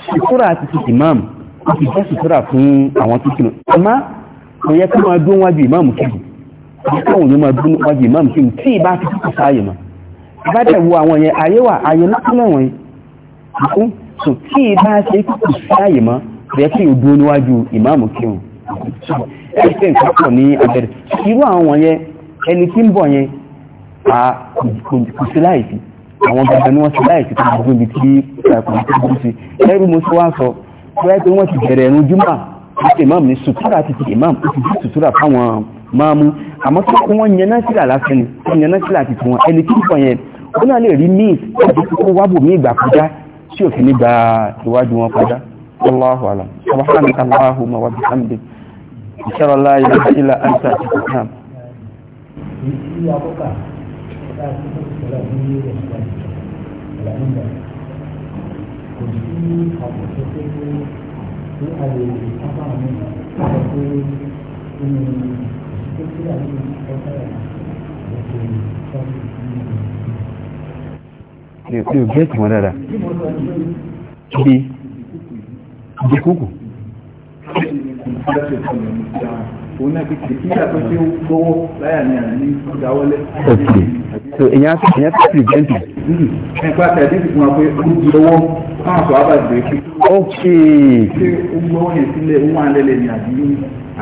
sùtúrà àti ti ìmáàmù ó ti jẹ́ sùtúrà fún àwọn tí kìrùn àmá kò yẹ kí wọ́n dún wájú ìmáàmù kìrù káwọn yóò máa dún wájú ìmáàmù kìrù tí ìbá ti kìkù so tí ìbá ṣe kìkù sáàyè mọ́ bẹ́ẹ̀ kí o dúró níwájú ìmáàmù kírun ẹ ṣe nǹkan pọ̀ ní abẹ́rẹ́ irú àwọn yẹn ẹni tí ń bọ̀ yẹn a kò sí láìsí àwọn gbogbo ni wọ́n sí láìsí tó gbogbo ibi tí ìpàkùn tó gbogbo sí ẹrú mo sọ wá sọ bóyá pé wọ́n ti bẹ̀rẹ̀ ẹ̀rùn júmọ̀ àti ìmáàmù ní sùtúrà àti ti ìmáàmù ó ti di sùtúrà fáwọn máàmù àmọ́ tó kún wọ́n yẹn náà lásán ni wọ́n yẹn náà sílà àti tiwọn ẹni tí ń bọ̀ yẹn ó náà lè rí míì tó wábò mí ìgbà kọjá tí òfin ní gba ìwájú wọn kọjá والله أعلم سبحانك اللهم وبحمدك إن شاء الله لا إله إلا أنت نعم You, you get one of that. ìdíkùkù. ok so ìyẹn ti prevent it. nípa tẹ̀lé ti fún wa pé ó di owó káwọn sọ àbá ìgbé kí. ok. ṣé ó gbọ́ yẹn sílẹ̀ ó wà lẹ́lẹ̀ ní àbí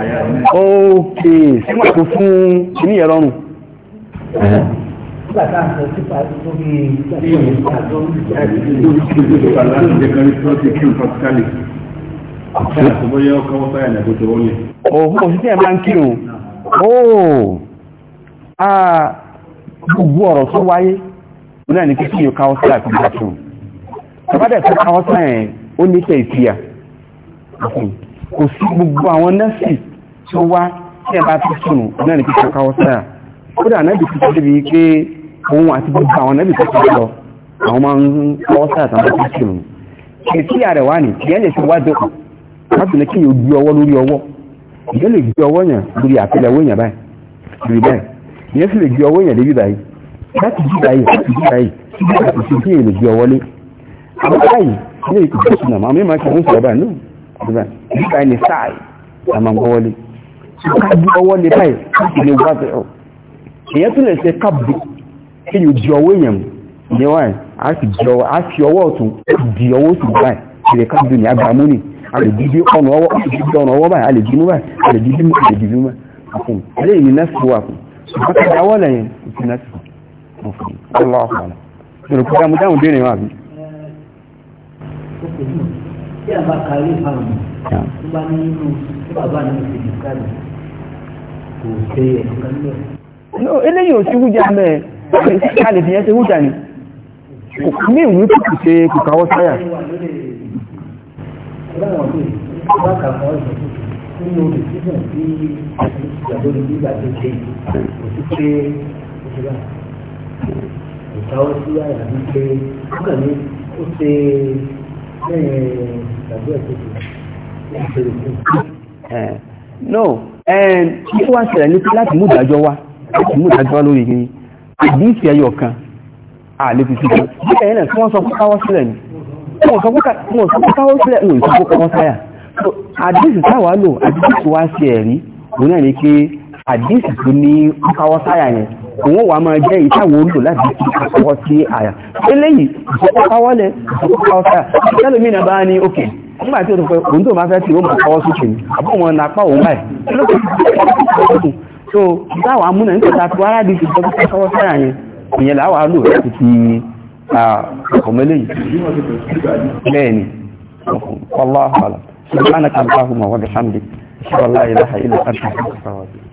àyà rẹ̀. ok ṣé wọ́n kò fún kíní yẹn lọ́rùn nígbà tá a sọ sípa tó bí. bí ìgbà tó ń bá a lọ òhun òṣìṣẹ́ máa ń kírun ooo àà gbogbo ọ̀rọ̀ tó wáyé ó náà ní kí kíyàn káwọ́sílá àti ìgbàtún tàbádẹ̀ tó káwọ́sílá ẹ̀ ó ní tẹ̀ ìpìyà kò sí gbogbo àwọn nọ́ọ̀sì tó wá tí ẹ bá tó kírun ó náà ní kí kíyàn káwọ́sílá ó dà náà bìí tó débi pé òun àti gbogbo àwọn nọ́ọ̀sì tó kọ́ lọ àwọn máa ń káwọ́sílá àtàwọn tó kírun kì í sí àrẹ̀wá ni kì í ẹ̀ lè fi wá dọ́kùn láti ní kíyàn gbé ọwọ́ lórí ọwọ́ ìyẹn lè gbé ọwọ́ yẹn lórí àtẹ́lẹwọ́ yẹn báyìí lórí báyìí ìyẹn sì lè gbé ọwọ́ yẹn débi báyìí láti jí báyìí láti jí báyìí láti fi kíyàn lè gbé ọwọ́ lé àmọ́ báyìí ilé ìkùkù sùn náà àmì máa kí wọ́n sọ̀rọ̀ báyìí náà báyìí ní sáà àmà gbọ́wọ́ lé ká gbé ọwọ́ lé báyìí láti lè wá ìyẹn tún lè ṣe káàbù kíyàn di ọwọ́ yẹn ní wáyìí á fi ọwọ́ ọ̀tún di ọwọ́ òsì báyìí ìrẹ̀káàbù ní agbàmúnì àlèdìdí ọ̀nà ọwọ́ ọ̀nà ọwọ́ báyìí àlèdìmú báyìí àlèdìdí mú àlèdìdí mú fún ilé ìní náà fi wà fún ìpàkà ìdáwọ́ lẹ́yìn ìpín náà fi wọ́n fún ọlọ́ọ̀fààlà ìrò pé dámú dáhùn dérìn wà bí. tí a bá kárí ìfàmù tó bá ní inú tí bàbá ní ìfèjì káàdì kò ṣe ẹ̀kan lẹ̀. eléyìí ò sí wújà mẹ́ẹ̀ ká lè fi yẹn ṣe wújà ni mi ìwé kò ṣe kò káwọ́ sáyà lẹ́wọ̀n lè bá kàkọ́ ọ̀sẹ̀ nínú ìsísùn tí ìyàwó ní gbígbà tó ṣe kò sí pé ìṣẹ́lá ìṣàwọ́ sí àyà ní pé ó kàn ní ó ṣe ìgbàgbọ́ ẹ̀kọ́ tó ṣe no kí wá ṣẹlẹ̀ ní pé láti mú ìdájọ́ wá láti mú ìdájọ́ wá lórí ìgbìyànjú àdíìsì ẹyọ kan àlefi síta bí ẹ̀yìn náà tí wọ́n sọ fún káwọ́ sílẹ̀ ni wọ́n sọ káwọ́ sílẹ̀ wọ́n sọ kọ́kọ́ sáyà àdísì táwà lò àdísì wá sí ẹ̀rí òun náà ni pé àdísì tó ní káwọ́ sáyà yẹn òun wà máa jẹ́ ìtàwọ̀ olò láti kọ́kọ́ sí àyà eléyìí ìfọ́kọ́kọ́wọ́lẹ̀ ìfọ́kọ́kọ́wọ́ sáyà tẹ́lómìnà bá ní òkè nígbà tí o tó pẹ́ òun tó máa fẹ́ tí ó máa kọ́wọ́ sókè ní àbọ̀mọ̀ nàpá òun báyìí so ìtàwọ̀ amúnà nígbà tí wọ́n rádìí ti gbọ́ اخو ملي ماني والله غلط سبحانك اللهم وبحمدك اشهد ان لا اله الا انت استغفرك